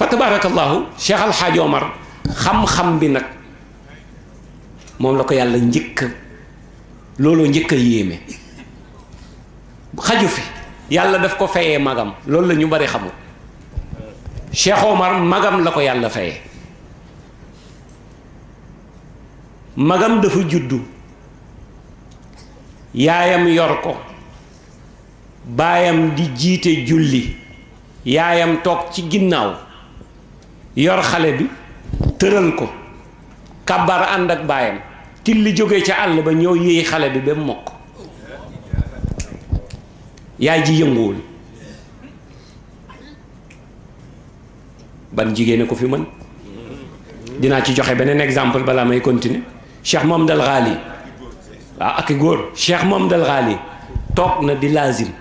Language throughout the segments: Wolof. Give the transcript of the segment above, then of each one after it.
fa tabaarakallaahu Cheikh Al Hadj xam-xam bi nag moom la ko yàlla njëkk looloo njëkk a yéeme xaju fi yàlla daf ko fayee magam loolu la ñu bari xamul Cheikh magam la ko yàlla fayee magam dafa juddu yaayam yor ko baayam di jiite julli yaayam toog ci ginnaaw yor xale bi tëral ko kàbbar ànd ak baayam til li jógee ca àll ba ñëw yéey xale bi ba mu mokk yaay ji yënguwul ban jigéen a ko fi mën dinaa ci joxe beneen exemple balaa may continuer Cheikh Mohamed Al Ghali waaw ah, ak góor Cheikh Mohamed Al Ghali toog na di laazim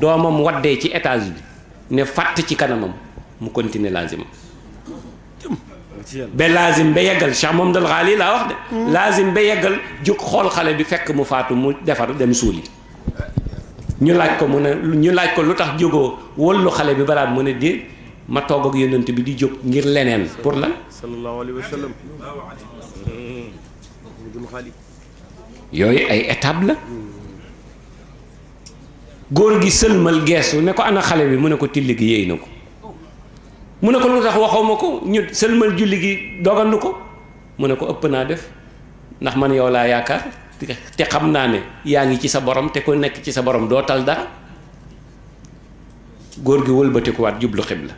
doomam waddee ci étage bi ne fàtt ci kanamam mu continuer laazimam ba laazim ba yeggal Cheikh Mohammadul Xaali laa wax de laazim ba yeggal jóg xool xale bi fekk mu faatu mu defar dem suuli ñu laaj ko mu ne ñu laaj ko lu tax jógoo wëllu xale bi baraat mu ne di ma toog ak yonent bi di jóg ngir leneen pour la sallallahu alayhi wa sallam yooyu ay étape la góor gi sëlmal geesu ne ko ana xale bi mu ne ko till gi yéey na ko mu ne ko lu tax waxoo ma ko ñu sëlmal julli gi dogandu ko mu ne ko ëpp naa def ndax man yow laa yaakaar te xam naa ne yaa ngi ci sa borom te ko nekk ci sa borom dootal tal dara góor gi wëlbatikuwaat jublu xibla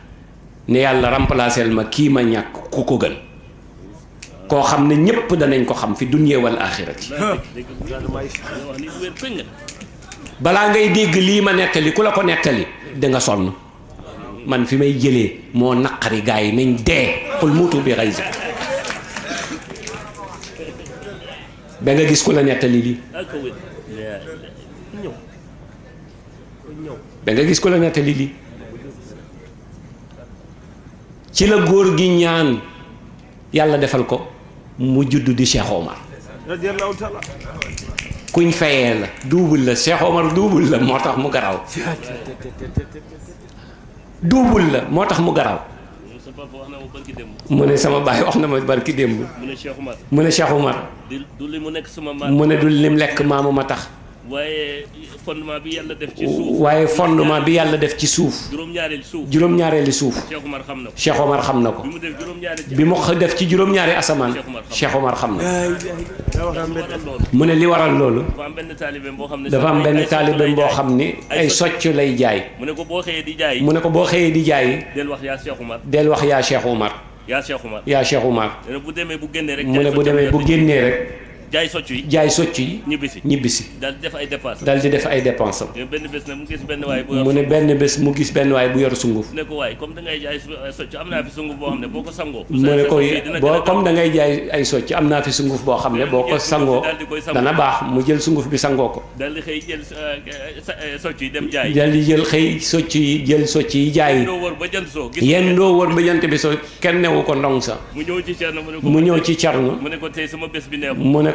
ne yàlla remplacer ma kii ma ñàkk ku ko gën koo xam ne ñépp danañ ko xam fi dunya wal balaa ngay dégg lii ma nettali ku la ko nettali da sonn man fi may jëlee moo naqari gars yi nañ dee xul muutu bi xay ba nga gis ku la nettali lii ba gis ku la nettali ci la góor gi ñaan yàlla defal ko mu judd di Cheikh Omar kuñ fayee la duubul la Cheikh duubul la moo tax mu garaw duubul la moo tax mu garaaw mu ne sama baay wax na ma barki démb mu ne Cheikh Umar mu ne du li mu nekk sama maam mu ne du lim lekk maamu tax waaye fondement bi yàlla def ci waaye fondement bi yàlla def ci suuf. juróom-ñaareelu suuf juróom ñaareeli suuf. Cheikh Omar xam na ko Cheikh xam na ko. bi mu def ci juróom-ñaari asamaan. Cheikh Omar xam na ko. mu ne li waral loolu. dafa am benn taalibeem boo xam ne. dafa am benn taalibeem boo xam ne ay socc lay jaay. mu ne ko boo xëyee di jaay. mu ne ko boo xëyee di jaay. del wax yaa Cheikh Omar. del wax yaa Cheikh Omar. yaa Cheikh Omar. yaa Cheikh Omar. mu ne bu demee bu génnee rek. jaay socc yi jaay socc yi. ñibbisi ñibbisi. daal di def ay dépenses daal mu ne benn bés mu gis benn waay bu yor sunguf. da ngay jaay socc ne boo ko sangoo. mu ne ko boo comme da ngay jaay sangoo dana baax mu jël sunguf bi sangoo ko. daal di xëy jël euh, euh, socc yi dem jaay. daal di jël xëy socc yi jël socc yi jaay. yéen doo wër ba jant soo. bi soo kenn newu ko ndong sa. mu ñëw ci Cerno mu ne ko tey sama bés bi neexul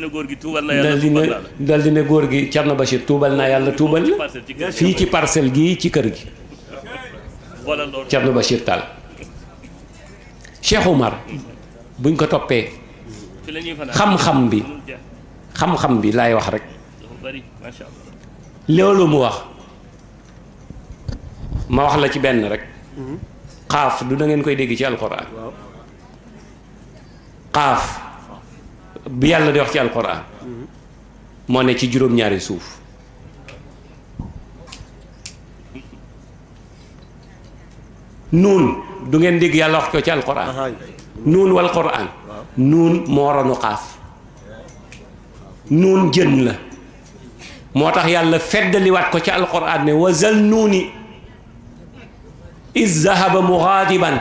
ne gi tuubal na yàlla tuubal ne góor gi Thierno Bachir tuubal naa yàlla tuubal la fii ci parcelle gii ci kër gi Thierno Bachir Tall Cheikh Omar buñ ko toppee xam-xam bi xam-xam bi laay wax rek loolu mu wax ma wax la ci benn rek mhm. xaaf du da koy dégg ci alxuraan xaaf bu yàlla di wax ci alquran moo ne ci juróom-ñaari suuf nuun du ngeen dégg yàlla wax ci alquran nuun wal quran nuun moo ronu xaaf nuun jën la moo tax yàlla feddaliwaat ko ci alquran ne wazal nuuni iz zahaba mugaadiban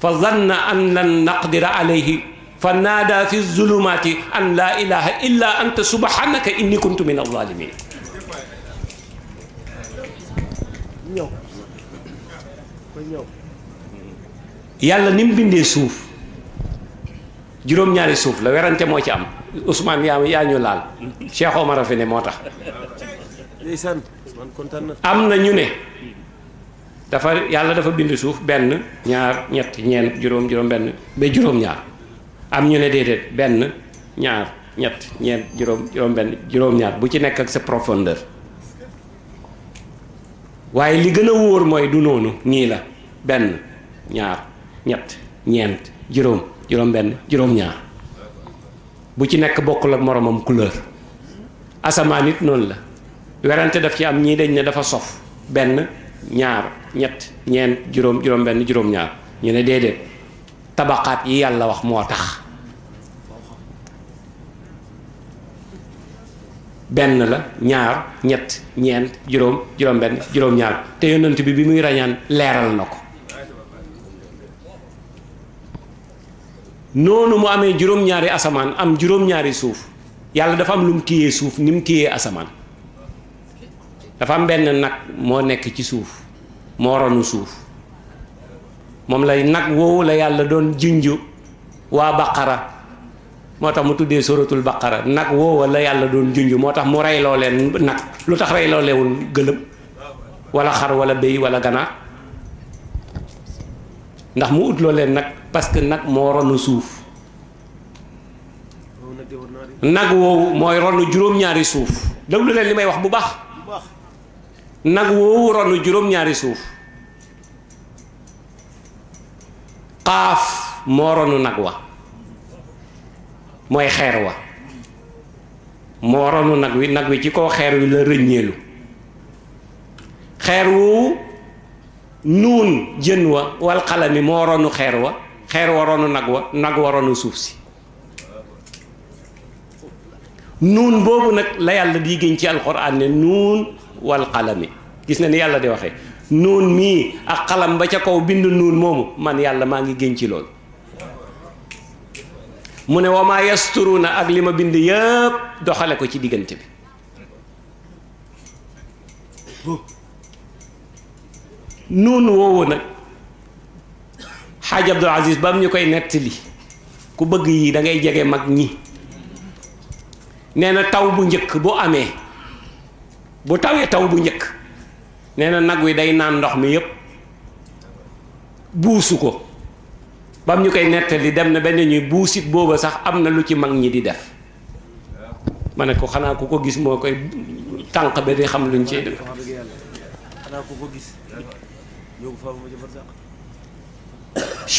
fa zanna an lan naqdira alayhi fa naada fi zulumati an laa ilaha illa anta subhanaka inni kuntu min alzalimin yàlla ni mu bindee suuf juróom-ñaari suuf la werante moo ci am Ousmane yaa yaa ñu laal Cheikh Omar a fi ne moo tax am na ñu ne dafa yàlla dafa bind suuf benn ñaar ñett ñeent juróom juróom benn ba juróom-ñaar am ñu ne déedéet benn ñaar ñett ñeent juróom juróom benn juróom-ñaar bu ci nekk ak sa profondeur waaye li gën a wóor mooy du noonu nii la benn ñaar ñett ñeent juróom juróom benn ci nekk bokkul ak moromam couleur asamaan it noonu la werante daf ci am ñii dañ ne dafa sof benn ñaar ñett ñeent juróom juróom benn juróom-ñaar ñu ne déedéet tabaqaat yi yàlla wax moo tax benn la ñaar ñett ñeent juróom juróom-benn juróom-ñaar te yonent bi bi muy rañaan leeral na ko noonu mu amee juróom-ñaari asamaan am juróom-ñaari suuf yàlla dafa am lu mu téyee suuf ni mu téyee asamaan dafa am benn nag moo nekk ci suuf moo ronu suuf moom lay nag woowu la yàlla doon junju waa baqara moo tax mu tuddee suratul baqara nag woowa la yàlla doon junju moo tax mu reyloo leen nag lu tax reyloo leewul gëlëm wala xar wala béy walla ganaar ndax mu utloo leen nag parce que nag moo ronu suuf nag woowu mooy ronu suuf déglu leen wax bu baax nag woowu ronu juróom-ñaari suuf qaaf moo ronu nag wa mooy xeer wa moo ronu nag wi nag wi ci kaw xeer wi la rëññeelu xeer wu nuun jën wa wal xalami moo ronu xeer wa xeer wa ronu nag wa nag wa ronu suuf si nuun boobu nag la yàlla di géñ ci alquran ne nuun wal gis na ni yàlla di waxee nuun mii ak xalam ba ca kaw bind nuun moomu man yàlla maa ngi génn ci lool mu ne wamaa na ak li ma bind yëpp doxale ko ci diggante bi nuun woowu nag xaaj Abdul Aziz ba mu ñu koy nettali ku bëgg yi dangay jege mag ñi nee na taw bu njëkk bu amee bu tawee taw bu njëkk nee na nag wi day naan ndox mi yépp buusu ko bam ñu koy nettali dem na benn ñuy buusit booba sax am na lu ci mag ñi di def ma ne ko xanaa ku ko gis moo koy tànq ba di xam luñ ci def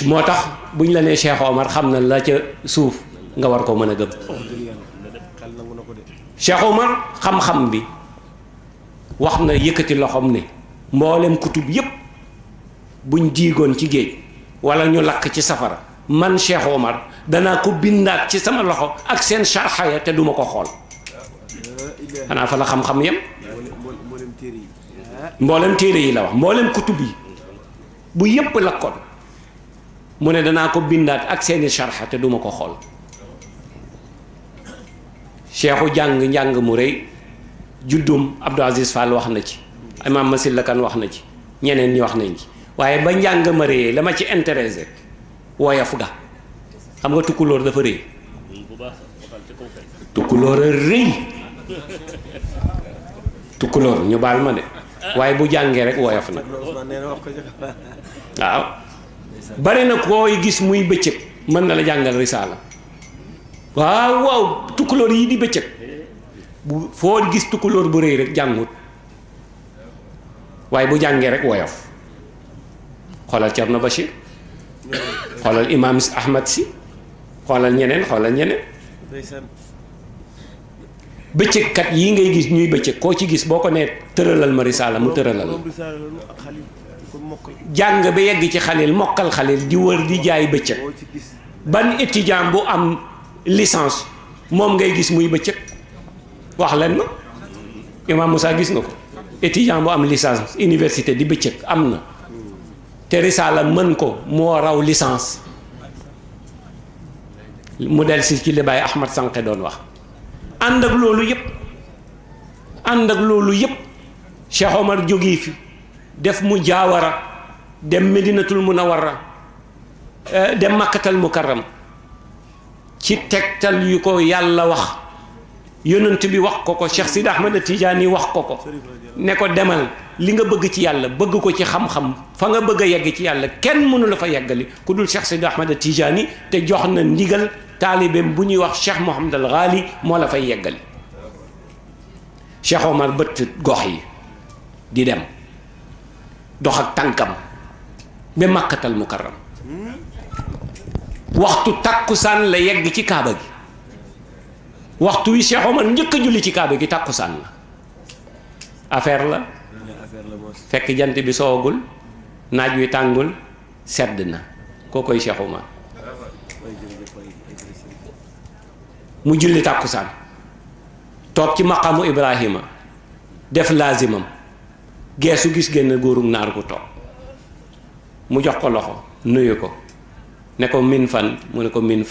moo tax buñ la nee Cheikh Omar xam na la suuf nga war ko mën a gëm Cheikh xam-xam bi wax na yëkkati loxoom ne mboolem kutub yépp buñ jiigoon ci géej wala ñu lakk ci safara man Cheikh Omar danaa ko bindaat ci sama loxo ak seen sarxaya te duma ko xool xanaa fa la xam-xam téere yi la wax mboolem kutub bu yépp lakkoon mu ne danaa ko bindaat ak seeni sarxa te duma ko xool cheikhu jàng njàng mu réy juddoom Abdou Aziz Fall wax na ci imam Masil Lakan wax na ci ñeneen ñi wax nañ ci waaye ba njàng ma réyee la ma ci intéressé woyof ga xam nga tukkulóor dafa rëy tukkulóor a rëy tukkulóor ñu baal ma de waaye bu jàngee rek woyof na waaw bari na kooy gis muy bëccëg mën na la jàngal risaala waaw waaw tukkulóor yi di bëccëg bu foo gis tukulóor bu rëy rek jàngut waaye bu jàngee rek woyof xoolal Cerno Bachir xoolal imaam Ahmad si xoolal ñeneen xoolal ñeneen bëccëgkat yi ngay gis ñuy bëccëg koo ci gis boo ko nee tëralal ma risaala mu tëralal la jàng ba yegg ci xalil mokkal xalil di wër di jaay bëccëg ban étudiant bu am lisance moom ngay gis muy bëccëg wax leen ma Imam Moussa gis nga ko étudiant bu am licence université di bëccëg am na te risaala mën ko moo raw licence mu del si ci li Baye Ahmad Sànqe doon wax ànd ak loolu yëpp ànd ak loolu yëpp Cheikh Omar jógee fi def mu jaawara dem Medinatul a eh, dem Makkatal Mukarram ci tegtal yu ko yàlla wax yonent bi wax ko ko Cheikh Sid Ahmad Tijaani wax ko ko ne ko demal li nga bëgg ci yàlla bëgg ko ci xam-xam fa nga bëgg a yegg ci yàlla kenn mënula fa yeggali ku dul Cheikh Sid Ahmad Tijaani te jox na ndigal taalibeem bu ñuy wax Cheikh Mohamed Al Ghali moo la fay yeggali Cheikh Omar bëtt gox yi di dem dox ak tànkam ba Makkatal Mukarram waxtu takkusaan la yegg ci kaaba gi waxtu wi Cheikh Omar njëkk a julli ci kaaba gi tàkkusaan la affaire la fekk jant bi soowagul naaj wi tàngul sedd na koo koy Omar mu julli tàkkusaan toog ci maqamu Ibrahima def laazimam geesu gis génn góorug naar gu toog mu jox ko loxo nuyu ko ne ko min fan mu ne ko min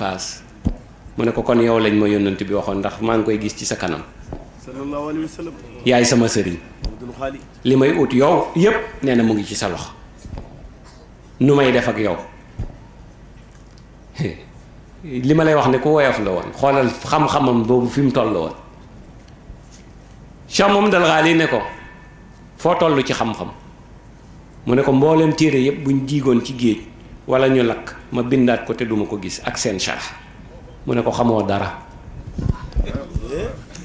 mu ne ko kon yow lañ ma yónnante bi waxoon ndax maa ngi koy gis ci sa kanam sallallahu alayhi wa sallam yaay sama sëriñ li may ut yow yépp nee na mu ngi ci sa lox nu may def ak yow li ma lay wax ne ku woyof la woon xoolal xam-xamam boobu fi mu toll woon Cheikh Mamadou Al Ghali ne ko foo tollu ci xam-xam mu ne ko mbooleem téere yépp buñ jiigoon ci géej wala ñu lakk ma bindaat ko te duma ko gis ak seen sharax mu ne ko xamoo dara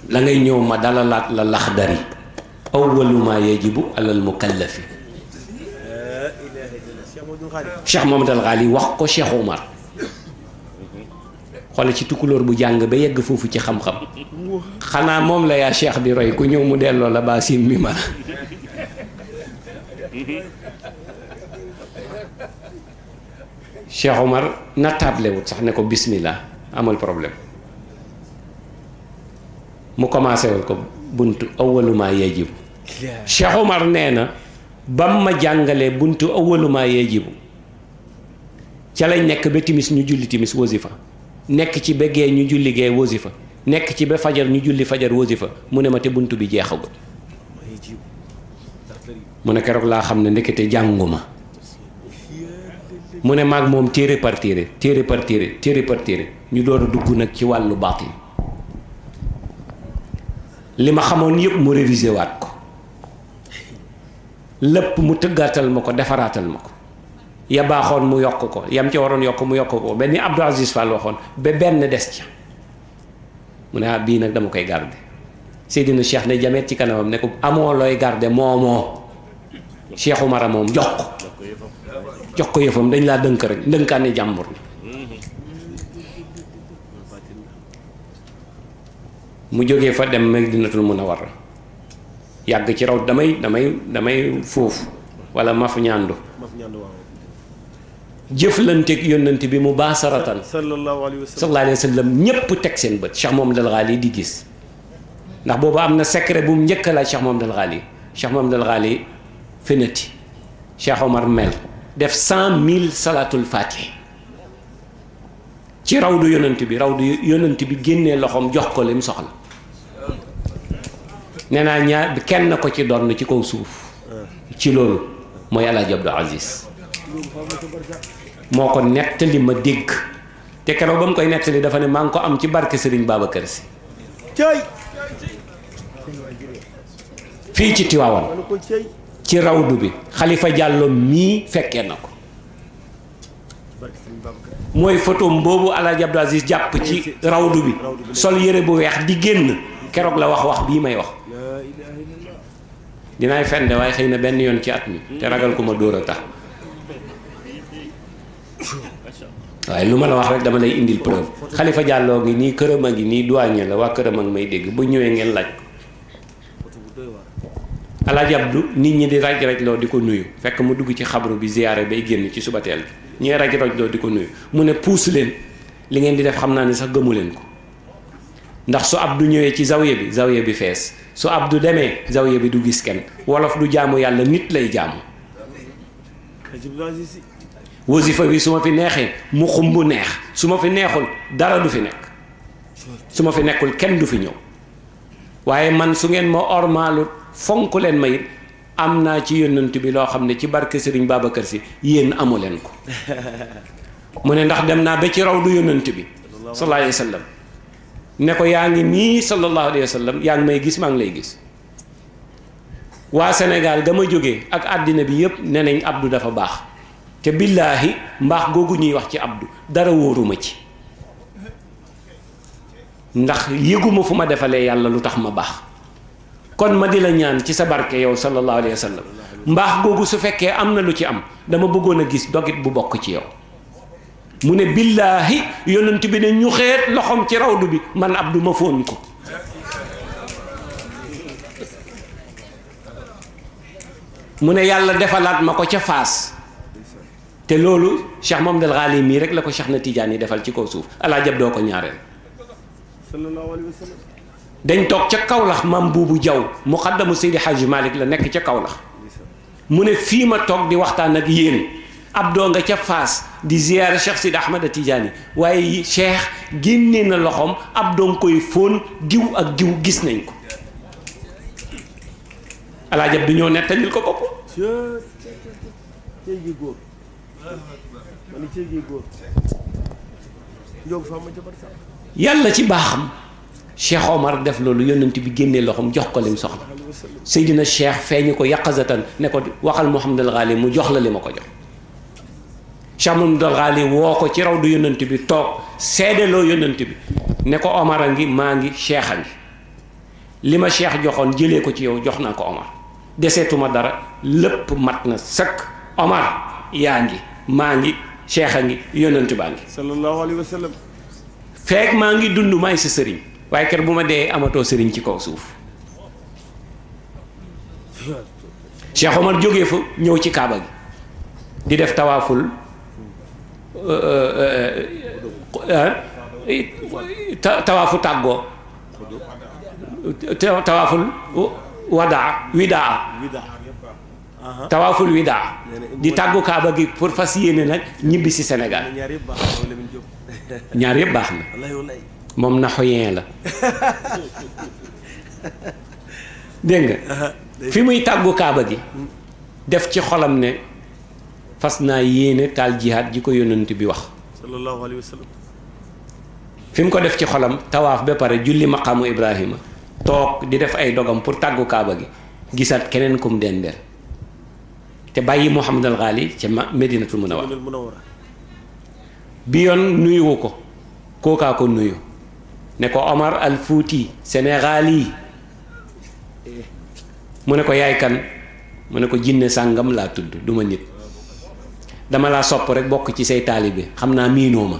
la ngay ñëw ma dalalaat la lax awwalu ma yajibu alal mukallafi cheikh Mohamed Al Ghali wax ko cheikh Umar xoole ci tukulóor bu jàng ba yegg foofu ci xam-xam xanaa moom la yaa cheikh bi roy ku ñëw mu delloo la baa sim mi ma cheikh Omar nattaable wut sax ne ko bismillah amul problème mu commencé ko bunt awwalumaa yajibu Cheikh nee na bam ma jàngalee buntu awwalumaa yajibu ca lañ nekk ba timis ñu julli timis wasifa nekk ci ba gee ñu julli gee wasifa nekk ci ba fajar ñu julli fajar wasifa mu ne ma te bunt bi jeexagul mu ne keroog laa xam ne ndekete jànguma mu ne maag moom téere par téere téere téere téere ñu doon a dugg nag ci wàllu baax baatin li ma xamoon yépp mu révisé waat ko lépp mu tëggaatal ma ko defaraatal ma ko ya baaxoon mu yokk ko yam ca waroon yokk mu yokk ko benn Abdou Aziz Fall waxoon ba benn des ca mu ne ah, bii nag dama koy garde Seydina Cheikh ne jamet ci kanamam ne ko amoo looy garde moomoo Cheikh Umar moom jox ko jox ko yëfam dañ laa dënk rek ndënkaane jàmbur mu jóge fa dem Madinatul a yàgg ci raw damay damay damay foofu wala maf ñaandu jëflanteeg yónnante bi mu baasaratan sallallahu alayhi wa sallam ñépp teg seen bët Cheikh Mohamed Al di gis ndax booba am na secret bu mu njëkk laaj Cheikh Mohamed Al Ghali Cheikh Mohamed Al Omar mel def cent mille salaatul fatih ci rawdu yónnante bi rawdu yónnante bi génnee loxoom jox ko lim soxla nee naa ñaar kenn ko ci doon ci kaw suuf ci loolu mooy El Hadj Abdou Aziz moo ko nettali ma dégg te keroog ba mu koy nettali dafa ne maa ngi ko am ci barke Serigne Babacar Sy fii ci Tiwaawan ci rawdu bi Xalifa Jàllo mii fekkee na ko mooy photo boobu El Hadj Abdou jàpp ci rawdu bi sol yére bu weex di génn keroog la wax wax bii may wax dinaay fende de waaye xëy na benn yoon ci at mi te ragal ku ma dóor a tax waaye lu ma la wax rek dama lay indil preuve xalifa jàlloo ngi nii këram a ngi nii duwaañe la waa këram ak may dégg bu ñëwee ngeen laaj alaaj Abdu nit ñi di raj raj loo di ko nuyu fekk mu dugg ci xabru bi ziyaare bay génn ci suba teel bi ñuy raj raj loo di ko nuyu mu ne puus leen li ngeen di def xam naa ne sax gëmu leen ko ndax su ab du ñëwee ci zawiya bi zawiya bi fees su ab du demee zawiya bi du gis kenn wolof du jaamu yàlla nit lay jaamu wasifa bi su ma fi neexee mu xumb neex su ma fi neexul dara du fi nekk su ma fi nekkul kenn du fi ñëw waaye man su ngeen ma ormaalut fonk leen ma yit am naa ci yónnent bi loo xam ne ci barke Serigne Babacar si yéen amu leen ko mu ne ndax dem naa ba ci raw du yónnent bi sallallahu alayhi wa sallam ne ko yaa ngi nii sallallahu alayhi wa yaa ngi may gis maa ngi lay gis waa Sénégal ga ma jógee ak àddina bi yépp ne nañ Abdou dafa baax te billaahi mbaax googu ñuy wax ci Abdou dara wóoruma ci ndax yëguma fu ma defalee yàlla lu tax ma baax kon ma di la ñaan ci sa barke yow sallallahu alayhi wa mbaax googu su fekkee am na lu ci am dama bëggoon a gis dogit bu bokk ci yow mu ne billaahi yonent bi ne ñu xeet loxoom ci rawdu bi man abdu ma fóon ko mu ne yàlla defalaat ma ko ca faas te loolu Cheikh Mamadou Al Ghali mii rek la ko Cheikh na Tijaan yi defal ci kaw suuf alaa doo ko ñaareel dañ toog ca kawlax mam buubu jaw muqaddamu Seydi Hadji Malick la nekk ca kawlax mu ne fii ma toog di waxtaan ak yéen ab doo nga ca faas di ziyaare Cheikh Sidi Ahmad Tidiane waaye Cheikh génnee na loxoom ab doo nga koy fóon diw ak diw gis nañ ko alaajab bi ñoo nettalil ko bopp yàlla ci baaxam Cheikh Omar def loolu yonent bi génnee loxoom jox ko lim soxla Seydina Cheikh feeñu ko yaqazatan ne ko waxal Muhammad al mu jox la li ma ko jox Cheikh Mamadou woo ko ci raw du yonent bi toog seedeloo yonent bi ne ko Omar a ngi maa ngi Cheikh a ngi li ma Cheikh joxoon jëlee ko ci yow jox naa ko Omar deseetuma dara lépp mat na sëkk Omar yaa ngi maa ngi Cheikh a ngi yonent baa ngi. feek maa ngi dund maay sa sëriñ waaye kër bu ma dee amatoo sëriñ ci kaw suuf Cheikh Omar jógee fa ñëw ci Kaaba gi di def tawaaful. tawaafu tàggoo tawaaful wadaa widaa tawaaful widaa di tàggu kaaba gi pour fas yéene nag ñibbi si Sénégal ñaar yëpp baax na moom naxoyen la dégg fi muy tàggu kaaba gi def ci xolam ne fas naa yéene taal jihaad ji ko yónnent bi wax sallallahu fi mu ko def ci xolam tawaaf ba pare julli maqaamu ibrahima toog di def ay dogam pour tàggu kaaba gi gisaat keneen kum dendeel te bàyyi Muhammad al Ghali ca Medinatul Munawwara bi yoon nuyuwu ko kookaa nuyu ne ko Omar al Fuuti Sénégal yi mu ne ko yaay kan mu ne ko jinne sàngam laa tudd duma nit dama laa sopp rek bokk ci say taalibe xam naa miinoo ma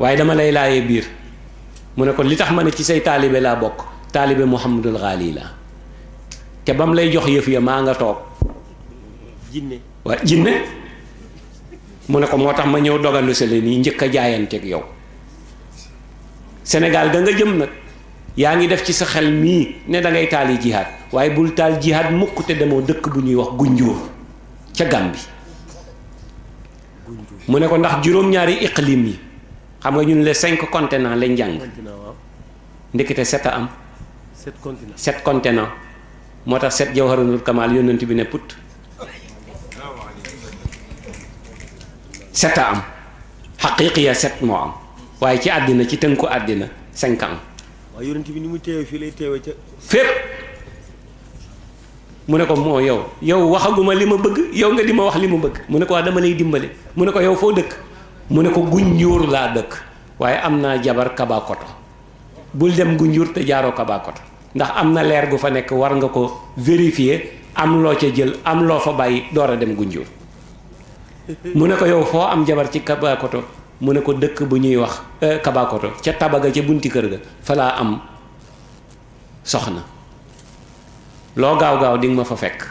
waaye dama lay laayee biir mu ne ko li tax ma ne ci say taalibe laa bokk taalibe Muhammadul Xaali la te ba mu lay jox yëf ya maa nga toog jinne waa jinne mu ne ko moo tax ma ñëw dogandu si la nii njëkk a jaayanteeg yow Sénégal ga nga jëm nag yaa ngi def ci sa xel mii ne da ngay taali jihaad waaye bul taal jihaad mukk te demoo dëkk bu ñuy wax gunjuur ca bi mu ne ko ndax juróom-ñaari iqlim yi xam nga ñun les cinq continents lañ jàng ndekete set a am sept continents moo tax set jawharunul kamal yónnent bi ne put set a am xaqiiqiya set moo am waaye ci àddina ci tënku àddina cinq ans waaw bi ni mu teewee fii lay teewee ca. fépp mu ne ko moo yow yow waxaguma li ma bëgg yow nga di ma wax li ma bëgg mu ne ko waa dama lay dimbale mu ne ko yow foo dëkk mu ne ko Gunjur laa dëkk waaye am naa jabar Kabakoto bul dem Gunjur te jaaroo Kabakoto ndax am na leer gu fa nekk war nga ko vérifier am loo ca jël am loo fa bàyyi door a dem Gunjur mu ne ko yow foo am jabar ci Kabakoto. mu ne ko dëkk bu ñuy wax euh, Kabakoto ca tabaga ca bunti kër ga fa laa am soxna loo gaaw gaaw di ma fa fekk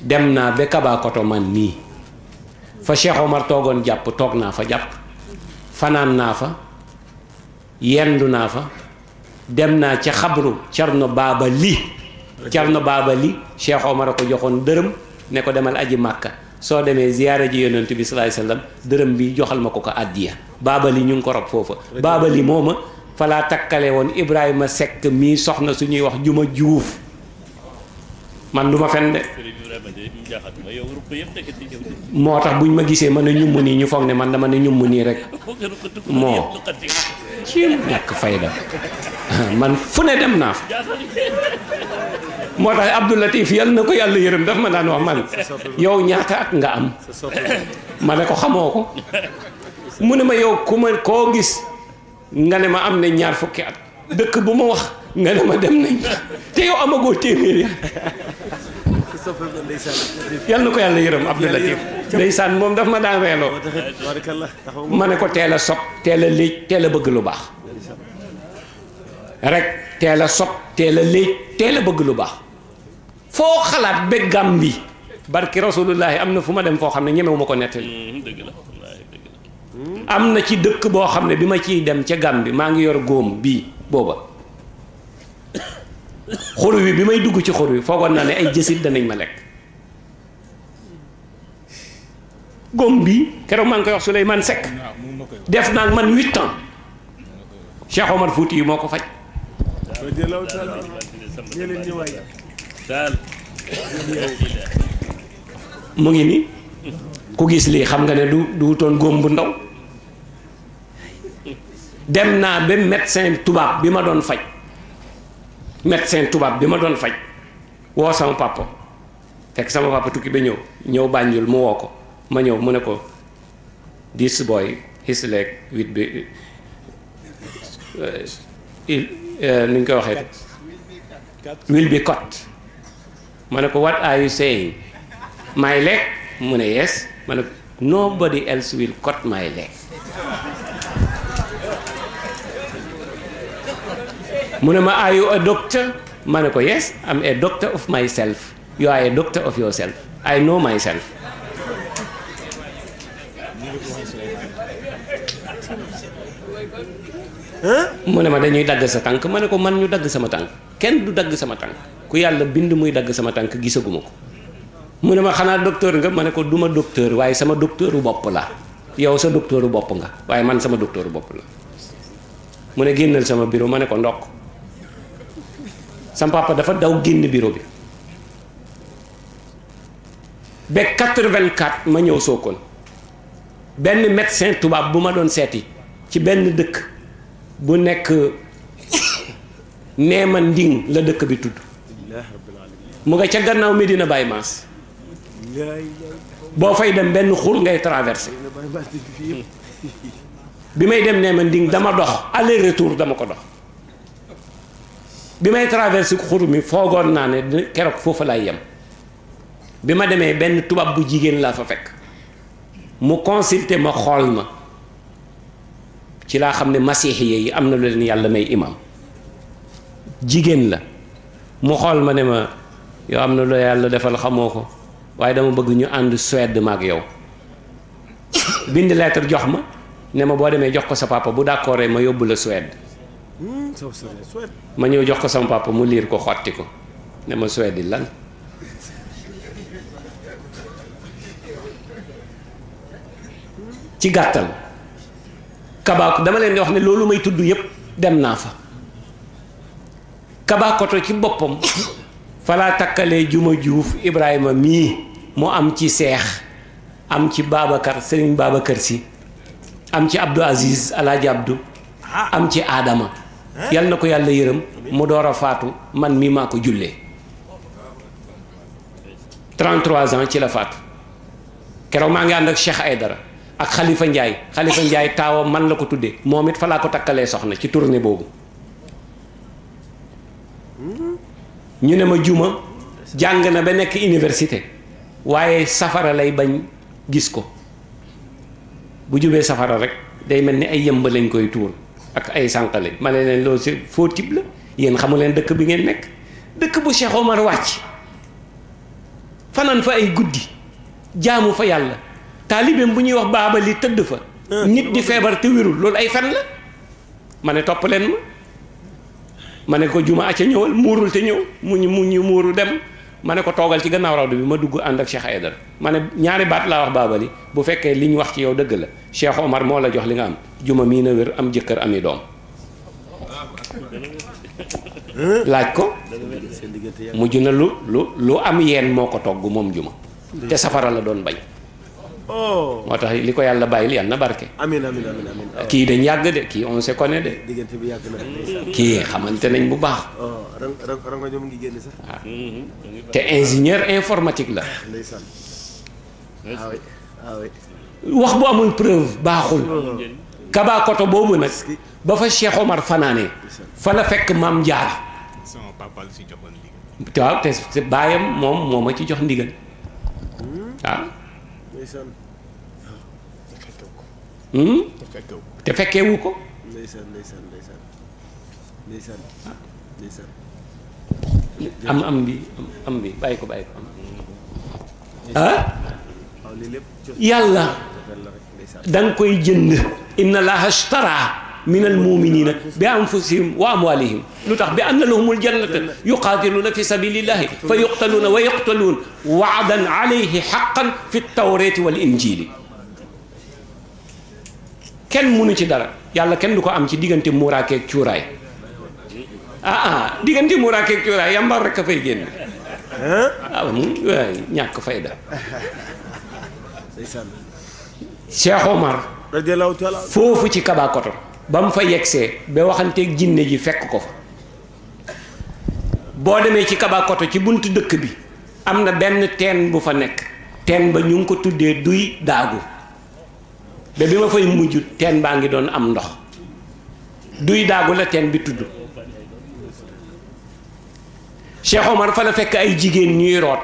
dem naa ba Kabakoto man nii fa Cheikh Omar toogoon jàpp toog naa fa jàpp fanaan naa fa yendu naa fa dem naa ca xabru Cerno Baaba Li Cerno Baaba Li Cheikh Omar a ko joxoon dërëm ne ko demal aji Màkka soo demee ziyaare ji yonent bi salaay sallam dërëm bi joxal ma ko ko àddiya baabali ñu ngi ko rob foofa baabali mooma falaa takkale woon Ibrahima Seck mii soxna suñuy wax juma juuf man duma fen de moo tax buñ ma gisee mën a ñumb nii ñu foog ne man dama ne ñumb nii rek moo ci ñàkk fayda man fu ne dem naa fa moo tax Abdou Latif yal na ko yàlla yërëm daf ma daan wax man yow ñaata at nga am ma ne ko xamoo ko mu ne ma yow ku ma koo gis nga ne ma am na ñaar fukki at dëkk bu ma wax nga ne ma dem nañ te yow amagoo téeméer ya yal na ko yàlla yërëm Abdou Latif moom daf ma daan reeloo ma ne ko teel a sob teel a léej teel a bëgg lu baax rek teel sob teel a léej teel a bëgg lu baax foo xalaat béggam bi barki rasulullahi am na fu ma dem foo xam ne ñemewu ma ko nettali hmm, dëgg hmm? am na ci dëkk boo xam ne bi ma ciy dem ca gàm bi maa ngi yor góom bii booba xur wi bi may dugg ci xur wi foogoon naa ne ay jësit danañ ma lekk góom bii keroog maa ngi koy wax Souleymane Seck ah, def naa man huit ans Cheikh Omar Fouti yi moo ko faj mu ngi ni ku gis lii xam nga ne du du wutoon góom bu ndaw dem naa ba médecin tubaab bi ma doon faj médecin tubaab bi ma doon faj woo sama papa fekk sama papa tukki ba ñëw ñëw bànjul mu woo ko ma ñëw mu ne ko this boy his leg with bi eh, eh, eh, nuñ koy waxee will be cut ma ne ko what are you saying my leg mu ne yes ma ne nobody else will cut my leg mu ne ma are you a doctor ma ne ko yes am a doctor of myself you are a doctor of yourself I know myself mu ne ma dañuy dagg sa tànk ma ne ko man ñu dagg sama tànk kenn du dagg sama tànk ku yàlla bind muy dagg sama tànk gisaguma ko mu ne ma xanaa docteur nga ma ne ko duma docteur waaye sama docteuru bopp la yow sa docteuru bopp nga waaye man sama docteuru bopp la mu ne génnal sama bureau ma ne ko ndokk sa papa dafa daw génn bureau bi vingt 84 ma ñëw soo kon benn médecin tubaab bu ma doon seeti ci benn dëkk bu nekk neema nding la dëkk bi tudd mu nga ca gannaaw Medina bay Mass boo fay dem benn xur ngay traversé bi may dem nee ma nding dama dox aller retour dama ko dox bi may traversé xur mi foogoon naa ne keroog foofu laay yem bi ma demee benn tubaab bu jigéen laa fa fekk mu consulté ma xool ma ci laa xam ne masiix yi am na lu leen yàlla may imam jigéen la mu xool ma ne ma yoo am na loo yàlla defal xamoo ko waaye dama bëgg ñu ànd Suède ma ak yow bind lettre jox ma ne ma boo demee jox ko sa papa bu d'accord ma yóbbu la Suède ma ñëw jox ko sama papa mu liir ko xotti ko ne ma Suède lan ci gàttal kabaaku dama leen di wax ne loolu may tudd yépp dem naa fa Kabakoto ci boppam falaa takkalee Juma Juuf Ibrahima mii mu am ci seex am ci Babacar Serigne Babacar si am ci Abdou Aziz Alaaji Abdou ah. am ci Adama eh? yal na ko yàlla yërëm mu door a faatu man mii maa ko jullee 33 ans ci la faatu keroog maa ngi ànd ak ay dara ak Khalifa Ndiaye Khalifa njaay taawam man la ko tuddee moom it falaa ko takkalee soxna ci tournée boobu. ñu ne ma juma jàng na ba nekk université waaye safara lay bañ gis ko bu jubee safara rek day mel ni ay yëmba lañ koy tuur ak ay sanqale ma ne leen loolu c'est faux type la yéen xamu leen dëkk bi ngeen nekk dëkk bu Cheikh Omar wàcc fanaan fa ay guddi jaamu fa yàlla taalibeem bu ñuy wax baaba li tëdd fa ah. nit di feebar te wérul loolu ay fen la ma ne topp leen ma ma ne ko juma acca ñëwal muurul te ñëw mu ñu mu ñu muuru dem ma ne ko toogal ci gannaaw rawdu bi ma dugg ànd ak Cheikh Aydara ma ne ñaari baat laa wax baabali bu fekkee li ñu wax ci yow dëgg la Cheikh Omar moo la jox li nga am juma mii na wér am jëkkër ami doom laaj ko mujj na lu lu lu am yeen moo ko togg moom juma te safara la doon bañ Oh. moo tax li ko yàlla bàyyil yàlla na barke. amiin amiin ah, kii dañ yàgg de kii on se de. bi yàgg na mm. kii xamante nañ bu baax. Oh, ngi ah. te ingénieur informatique la. ndeysaan ah wax bu amul preuve baaxul. Oh. kabaakoto boobu nag ba fa Cheikh Omar fa la fekk maam Diarra waaw te baayam moom moo ma ci jox ndigal waaw hmm? ndeysaan hmm? te fekkeewu ko ah. am am bi am bi bàyyi ko bàyyi ko am ah yàlla da nga koy jënd inna laaha ashtara min almuminina bi anfusihim wa amwalihim lu tax bi anna lahumul jannata yuqaatiluuna fi sabilillahi fa yuqtaluuna wa yuqtaluun waadan alayhi xaqan fi tawrati wal injili kenn munu ci dara yàlla kenn du ko am ci diggante muuraakeeg cuuraay ah ah diggante muuraakeeg cuuraay yambar rek a fay génn ah ñàkk fayda Cheikh Omar foofu ci Kabakoto ba mu fa yegsee ba waxanteeg jinne ji fekk ko fa boo demee ci Kabakoto ci buntu dëkk bi am na benn teen bu fa nekk teen ba ñu ngi ko tuddee duy daagu ba bi ma fay mujj teen baa ngi doon am ndox duy daagu la teen bi tudd Cheikh Omar fa la fekk ay jigéen ñuy root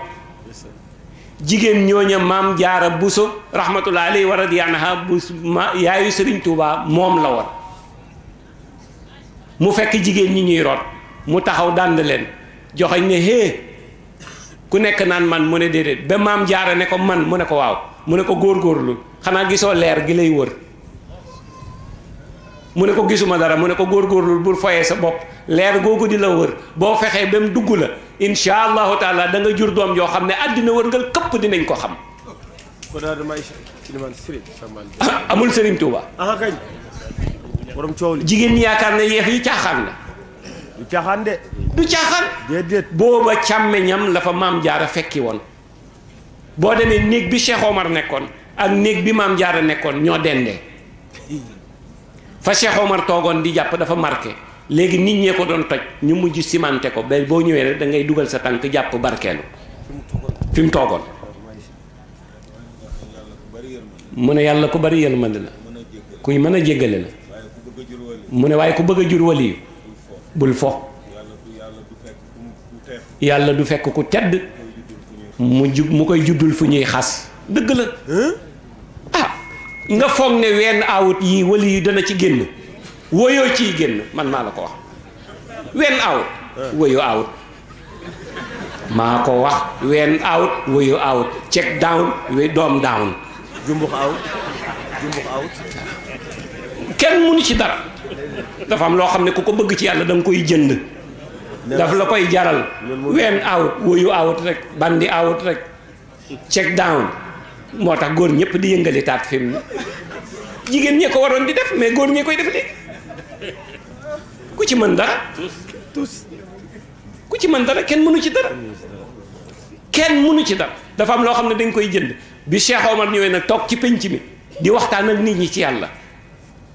jigéen ñooña maam jaara buso rahmatullah alayhi wa radiya anha bu yaayu Sëriñ Tuubaa moom la woon mu fekk jigéen ñi ñuy root mu taxaw dànd leen joxeñ ne hee ku nekk naan man mu ne déedéet ba maam jaara ne ko man mu ne ko waaw mu ne ko góor góorgóorlu xanaa gisoo leer gi lay wër mu ne ko gisuma dara mu ne ko góorgóorlu bul foyee sa bopp leer googu di la wër boo fexee ba mu dugg la insha allahu taala da nga jur doom yoo xam ne àddina wërngal këpp dinañ ko xam amul Serigne Touba borom coow jigéen yaakaar na yeex yi caaxaan la du caaxaan de du caaxaan déedéet booba càmmeñam la fa maam a fekki woon boo demee néeg bi Cheikh Omar nekkoon ak néeg bi maam jaar a nekkoon ñoo dendee fa Cheikh toogoon di jàpp dafa marqué léegi nit ñee ko doon toj ñu mujj simante ko ba boo ñëwee rek da ngay dugal sa tànk jàpp barkeelu fi mu toogoon mu ne yàlla ku bari yërmande la kuy mën a jéggale la mu ne waaye ku bëgg a jur waliyu bul fo yàlla du fekk ku tedd mu ju mu koy juddul fu ñuy xas dëgg la ah nga foog ne wenn awut yi waliyu dana ci génn woyoo ciy génn man maa la ko wax wenn awut woyoo awut maa ko wax wenn awut woyoo awut check down doom down jumbux awut jumbux ci dara dafa am loo xam ne ku ko bëgg ci yàlla danga koy jënd daf la koy jaral ween out woyu out rek bandi out rek check down moo tax góor ñëpp di yëngali taat fi mu jigéen ñee ko waroon di def mais góor ñee koy def léegi ku ci mën dara ku ci mën dara kenn mënu ci dara kenn mënu ci dara dafa am loo xam ne dañ koy jënd bi Cheikh Omar ñëwee nag toog ci penc mi di waxtaan ak nit ñi ci yàlla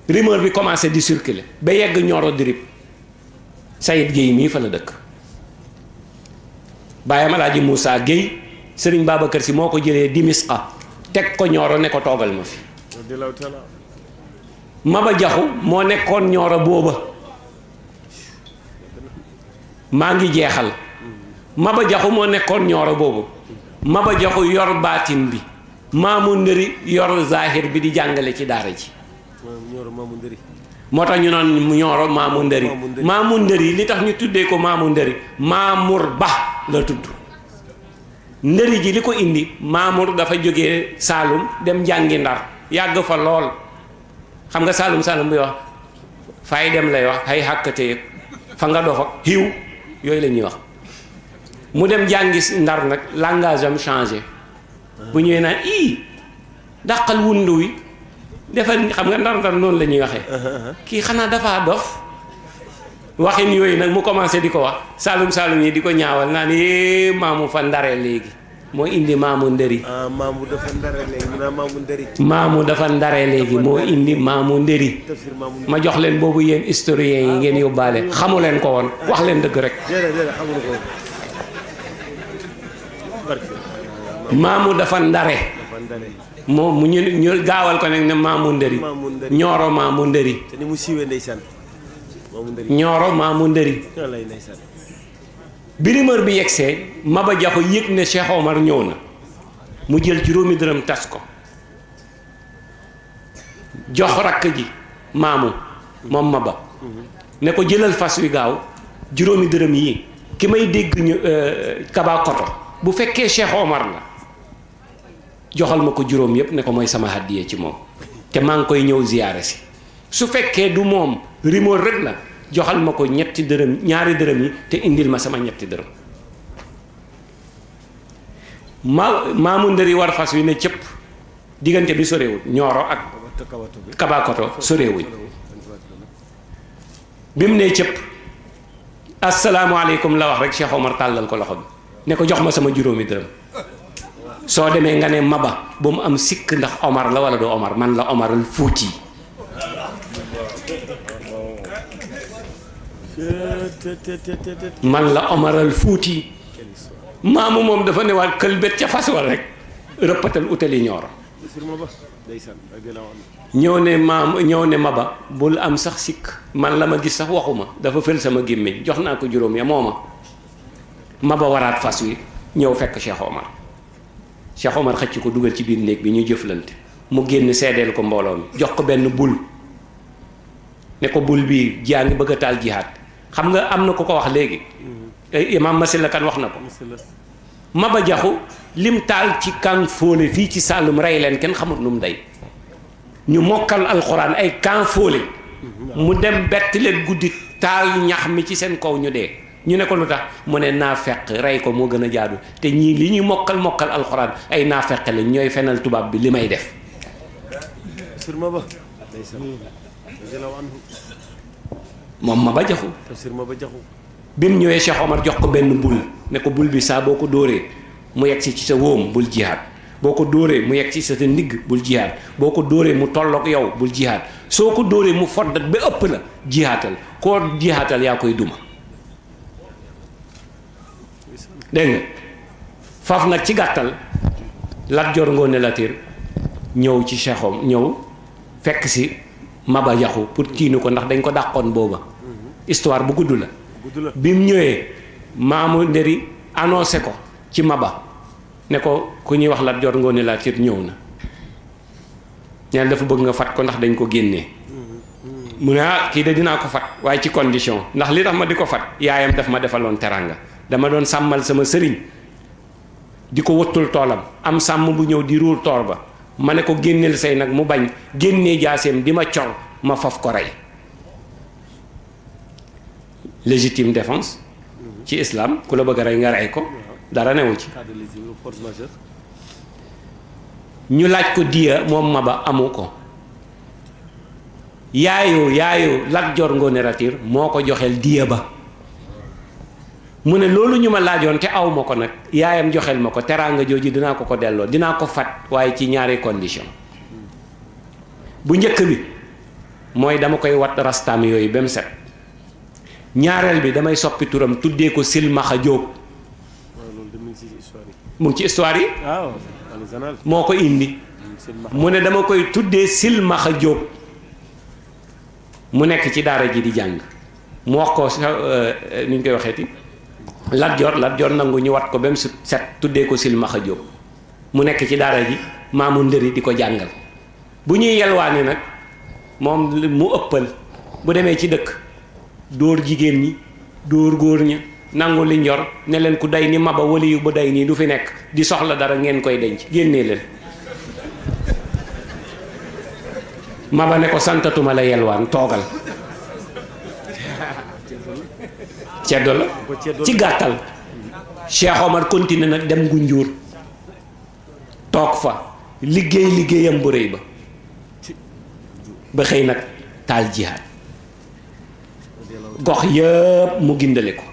rumeur bi commencé di circuler ba yegg Nioro di rib Sayid mii fa la dëkk bàyyam Alaaji Moussa Guèye Sëriñ baaba kër Si moo ko jëlee Dimisqa teg ko Nioro ne ko toogal ma fi Maba Jaxu moo nekkoon Nioro booba maa ngi jeexal Maba Jaxu moo nekkoon Nioro boobu Maba Jaxu yor baatin bi Maamu Ndëri yor zahir bi di jàngale ci daara ji moo tax ñu naan ñooro maamu ndëri maamu ndëri li tax ñu tuddee ko maamu ndëri maamur ba la tudd ndëri ji li ko indi maamur dafa jóge saalum dem jàngi ndar yàgg fa lool xam nga saalum saalum bi wax fay dem lay wax ay xàkkate fa nga dof ak xiiw yooyu la ñuy wax mu dem jàngi ndar nag langage am changé ah. bu ñëwee naan ii dàqal wundu defar xam nga ndar-ndar noonu la ñuy waxee. Uh-huh, uh-huh. kii xanaa dafaa dof waxin yooyu nag mu commencé di ko wax saalum saalum yi di ko ñaawal naan yee maamu fa ndare léegi moo indi maamu ndëri. ah maamu dafa ndare léegi léegi moo indi maamu ndëri. ma jox leen boobu yéen historien yi ngeen yóbbaale ah, xamu leen ko woon ah. wax leen dëgg rek. maamu dafa ndare. moom mu ñu ñu gaawal ko nag ne Maamu Ndëri. ñooro Maamu Ndëri. te ni mu siiwee ndeysaan. ñooro Maamu Ndëri. bi rumeur bi yegsee Maba Jaxu yëg ne Cheikh Omar ñëw na mu jël juróomi dërëm tas ko jox rakk ji maamu moom Maba ne ko jëlal fas wi gaaw juróomi dërëm yi ki may dégg ñu euh, Kaba bu fekkee Cheikh Omar la joxal ma ko juróom yépp ne ko mooy sama hàddiyee ci moom te maa ngi koy ñëw ziyaare si su fekkee du moom rimoor rek la joxal ma ko ñetti dërëm ñaari dërëm yi te indil ma sama ñetti dërëm maa maamu ndëri war fas wi ne cëpp diggante bi sorewul ñooro ak kabakoto sorewuñ bi mu ne cëpp asalaamaaleykum la wax rek Cheikh Omar tàllal ko loxo bi ne ko jox ma sama juróomi dërëm soo demee nga ne maba bu mu am sikk ndax Omar la wala du Omar man la Omaral Fuuti man la Omaral Fuuti maamu moom dafa newaat këlbét ca fas wal rek rëppatal utali ñoor ñëw ne maam ñëw ne maba bul am sax sikk man la ma gis sax waxuma dafa fël sama gémmiñ jox naa ko juróom ya mooma maba waraat fas wi ñëw fekk Cheikh Omar Cheikh Omar xëcc ko dugal ci biir néeg bi ñu jëflante mu génn seedeel ko mbooloo mi jox ko benn bul ne ko bul bi jaa ngi bëgg a taal jihaad xam nga am na ku ko wax léegi eh, imam Masila kan wax na ko Maba Jaxu lim taal ci kan fóole fii ci Saalum rey leen kenn xamut nu mu day ñu mokkal alxuraan ay kan fóole mhm. mu dem bett leen guddi taal ñax mi ci seen kaw ñu dee ñu ne ko lu tax mu ne naafeq rey ko moo gën a jaadu te ñii li ñuy mokkal mokkal alxuraan ay naafeq la ñooy fenal tubaab bi li may def moom ma ba jaxu bi mu ñëwee Cheikh Omar jox ko benn bul ne ko bul bi saa boo ko dóoree mu yegg si ci sa wóom bul jihaad boo ko dóoree mu yegg si sa ndigg bul jihaad boo ko dóoree mu tolloog yow bul jihaad soo ko dóoree mu foddat ba ëpp la jihaatal koo jihaatal yaa koy duma dégg nga faf nag ci gàttal Lat Joor Ngoone Latiir ñëw ci cheikhom ñëw fekk si Maba Yaxu pour tiinu ko ndax dañ ko dàqoon booba histoire bu gudd la bi mu ñëwee maamu ndëri annoncé ko ci Maba ne ko ku ñuy wax Lat Joor Ngoone Latiir ñëw na ñaan dafa bëgg nga fat ko ndax dañ ko génnee mm-hmm. mu ne ah kii de dinaa ko fat waaye ci condition ndax li tax ma di ko fat yaayam daf ma defaloon teraanga dama doon sàmmal sama sëriñ di ko wëttul toolam am sàmm bu ñëw di ruur tool ba ma ne ko génneel say nag mu bañ génnee jaaseem di ma cor ma faf ko rey légitime défense ci islaam ku la bëgg a rey nga rey ko dara newu ci ñu laaj ko diya moom ma ba amu ko yaayu yaayu Lat jor Ngoone Ratiir moo ko joxeel diya ba mu ne loolu ñu ma laajoon te aw ma ko nag yaayam joxeel ma ko teraanga jooju dinaa ko ko delloo dinaa ko fat waaye ci ñaari condition bu njëkk bi mooy dama koy wat rastaam yooyu ba mu set ñaareel bi damay soppi turam tuddee ko silmaxa jóob mu ngi ci histoire yi moo ko indi mu ne dama koy tuddee silmaxa jóob mu nekk ci daara ji di jàng mu wax ko euh, euh, nu ñu koy waxee ti Lat Joor Lat Joor nangu ñu wat ko ba mu set tuddee ko silmaxa jóob mu nekk ci daara ji maamu ndëri di ko jàngal bu ñuy yelwaane nag moom mu ëppal bu demee ci dëkk dóor jigéen ñi dóor góor ña nangu li njor ne leen ku day ni maba waliyu bu day nii du fi nekk di soxla dara ngeen koy denc génnee leen maba ne ko santatuma la yelwaan toogal ceddo la ci gàttal Cheikh Omar continué nag dem Gunjur toog fa liggéey liggéeyam bu rëy ba ba xëy nag taal jihaad gox yëpp mu gindale ko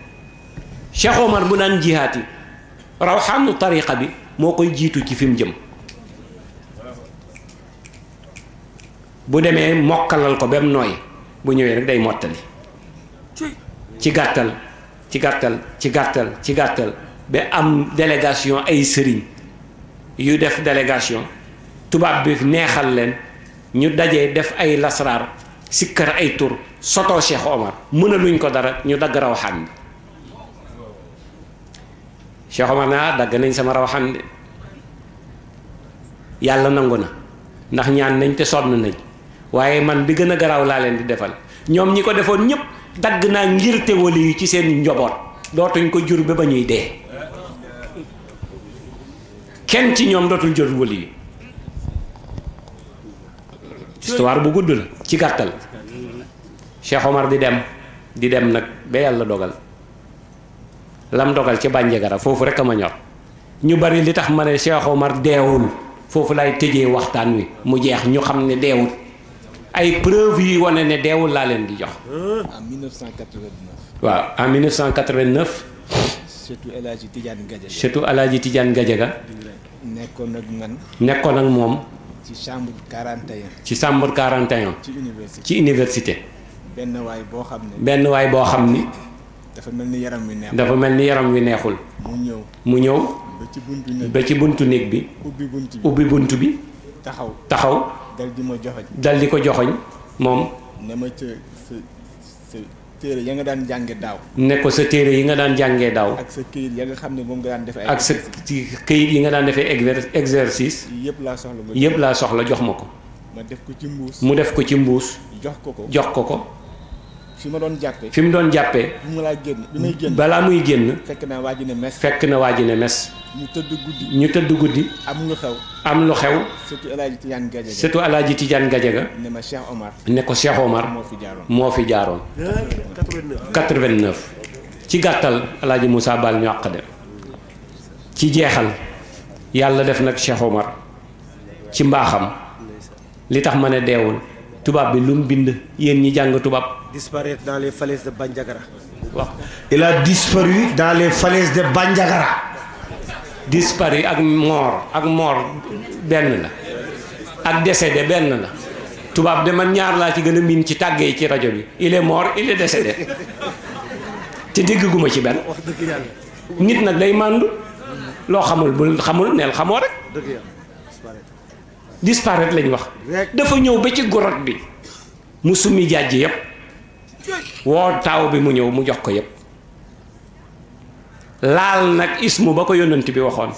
Cheikh Omar bu naan jihaad yi rawxaanu tariqa bi moo koy jiitu ci fi mu jëm bu demee mokkalal ko ba mu nooy bu ñëwee rek day mottali ci gàttal ci gàttal ci gàttal ci gàttal bi am délégation ay sëriñ yu def délégation tubaab bi neexal leen ñu dajee def ay lasraar sikkar ay tur soto Cheikh Omar mënaluñ ko dara ñu dagg rawaxaan bi Cheikh Omar naa ah, dagg nañ sama rawaxaan de yàlla nangu na ndax ñaan nañ te sonn nañ waaye man bi gën a garaaw laa leen di defal ñoom ñi ko defoon ñëpp dagg naa ngir te wali yi ci seen njoboot dootuñ ko jur ba ba ñuy dee kenn ci ñoom dootul jur wali yi histoire bu gudd la ci gàttal Cheikh Omar di dem di dem nag ba yàlla dogal lam dogal ci Bandiagara foofu rek a ma ñor ñu bari li tax ma ne Cheikh Omar deewul foofu lay tëje waxtaan wi mu jeex ñu xam ne deewul ay preuve yuy wane ne deewul laa leen di jox. en 1989. waaw en 1989. surtout El Hadj Tidiane Gadiaga surtout El Hadj Tidiane Gadiaga. nekkoon ak man. nekkoon ak moom. ci chambre 41. ci chambre 41. ci université ci université. benn waay boo xam ne. benn waay boo xam ni. dafa mel ni yaram wi neexul dafa mel ni yaram wi neexul. mu ñëw mu ñëw. ba ci buntu néeg bi ba ci buntu néeg bi. ubbi buntu bi ubbi buntu bi. taxaw taxaw. dal di ma joxoñ dal ko joxoñ moom. ne ma ca sa téere ya nga daan jànge daaw. ne sa téere yi nga daan jàngee daaw. ak sa këyit ya nga xam ne moom nga daan defee. ak sa këyit yi nga daan defee exercice. yëpp laa soxla yëpp laa soxla jox ma ko. ma def ko ci mbuus. mu def ko ci mbuus. jox ko ko jox ko ko. fi ma doon jàppee fi mu doon jàppee. balaa muy génn. fekk na waa ji ne mes. fekk na waa ji ne mes. ñu tëdd guddi. ñu tëdd guddi. am lu xew. am lu xew. surtout El Hadj Tidiane Gadiaga. surtout El Hadj Tidiane Gadiaga. ne ma Cheikh Omar. ko Cheikh moo fi jaaroon moo fi jaaroon. 89. 89 ci gàttal El Hadj Moussa Bal ñu àq de ci jeexal yàlla def nag Cheikh ci mbaaxam li tax ma ne deewul. tubaab bi lu mu bind yéen ñi jàng tubaab. dans les falaises de Bandiagara. waaw il a disparu dans les falaises de Bandiagara. disparu ak mort ak mort benn la ak décédé benn la tubaab de man ñaar laa ci gën a miin ci tàggee ci rajo bi il est mort il est décédé te dégguma ci benn nit nag day màndu loo xamul bul xamul neel xamoo rek. disparaître lañ wax dafa ñëw ba ci gorot bi mu summi jaaj yépp woo taaw bi mu ñëw mu jox ko yépp laal nag ismu ba ko yónnant bi waxoon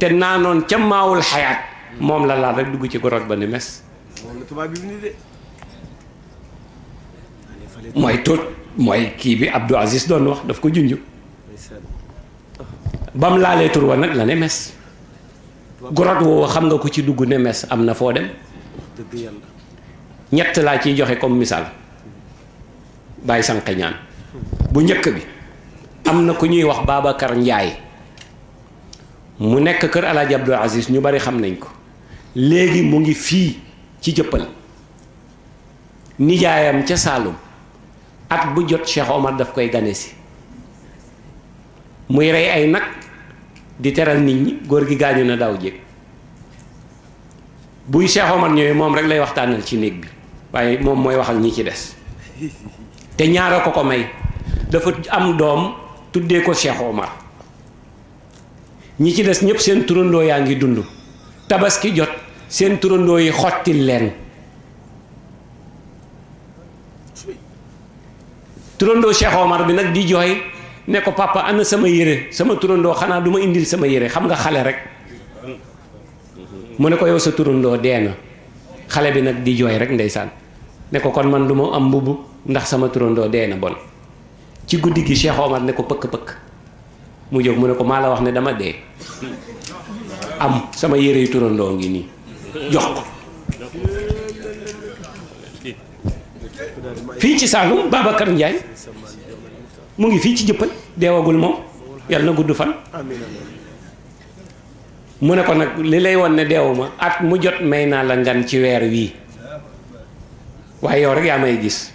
te naanoon ca maawul xayaat moom la laal rek dugg ci gorot ba ni mes mooy tóot mooy kii bi Abdou Aziz doon wax daf ko junj bam laalee tur nag la mes gorot woowu xam nga ko ci dugg ne mes am na foo dem ñett laa ciy joxe comme misaal bàyyi sànq bu njëkk bi am na ku ñuy wax baabakar njaay mu nekk kër El Hadj ñu bari xam nañ ko léegi mu ngi fii ci jëppal nijaayam ca Saalum at bu jot Cheikh Omar daf koy gane si muy rey ay nag di teral nit ñi góor gi gaañu na daaw jéeg buy Cheikh Omar ñëwee moom rek lay waxtaanal ci néeg bi waaye moom mooy waxal ñi ci des te ñaara ko ko may dafa am doom tuddee ko Cheikh Omar ñi ci des ñëpp seen turandoo yaa ngi dund tabaski jot seen turandoo yi xottil leen turandoo Cheikh bi nag di jooy ne ko papa ana sama yére sama turandoo xanaa duma ma indil sama yére xam nga xale rek mu ne ko yow sa turandoo dee na xale bi nag di jooy rek ndey ndeysaan ne ko kon man du ma am mbubb ndax sama turandoo dee na bon ci guddi gi Cheikh Omar ne ko pëkk pëkk mu jóg mu ne ko maa la wax ne dama dee am sama yére yu turandoo ngi nii jox ko fii ci Saalum Babacar Ndiaye mu ngi fii ci jëppal deewagul moom yàlla na gudd fan mu ne ko nag li lay won ne deewuma ak mu jot may naa la ngan ci weer wii waaye yow rek yaa may gis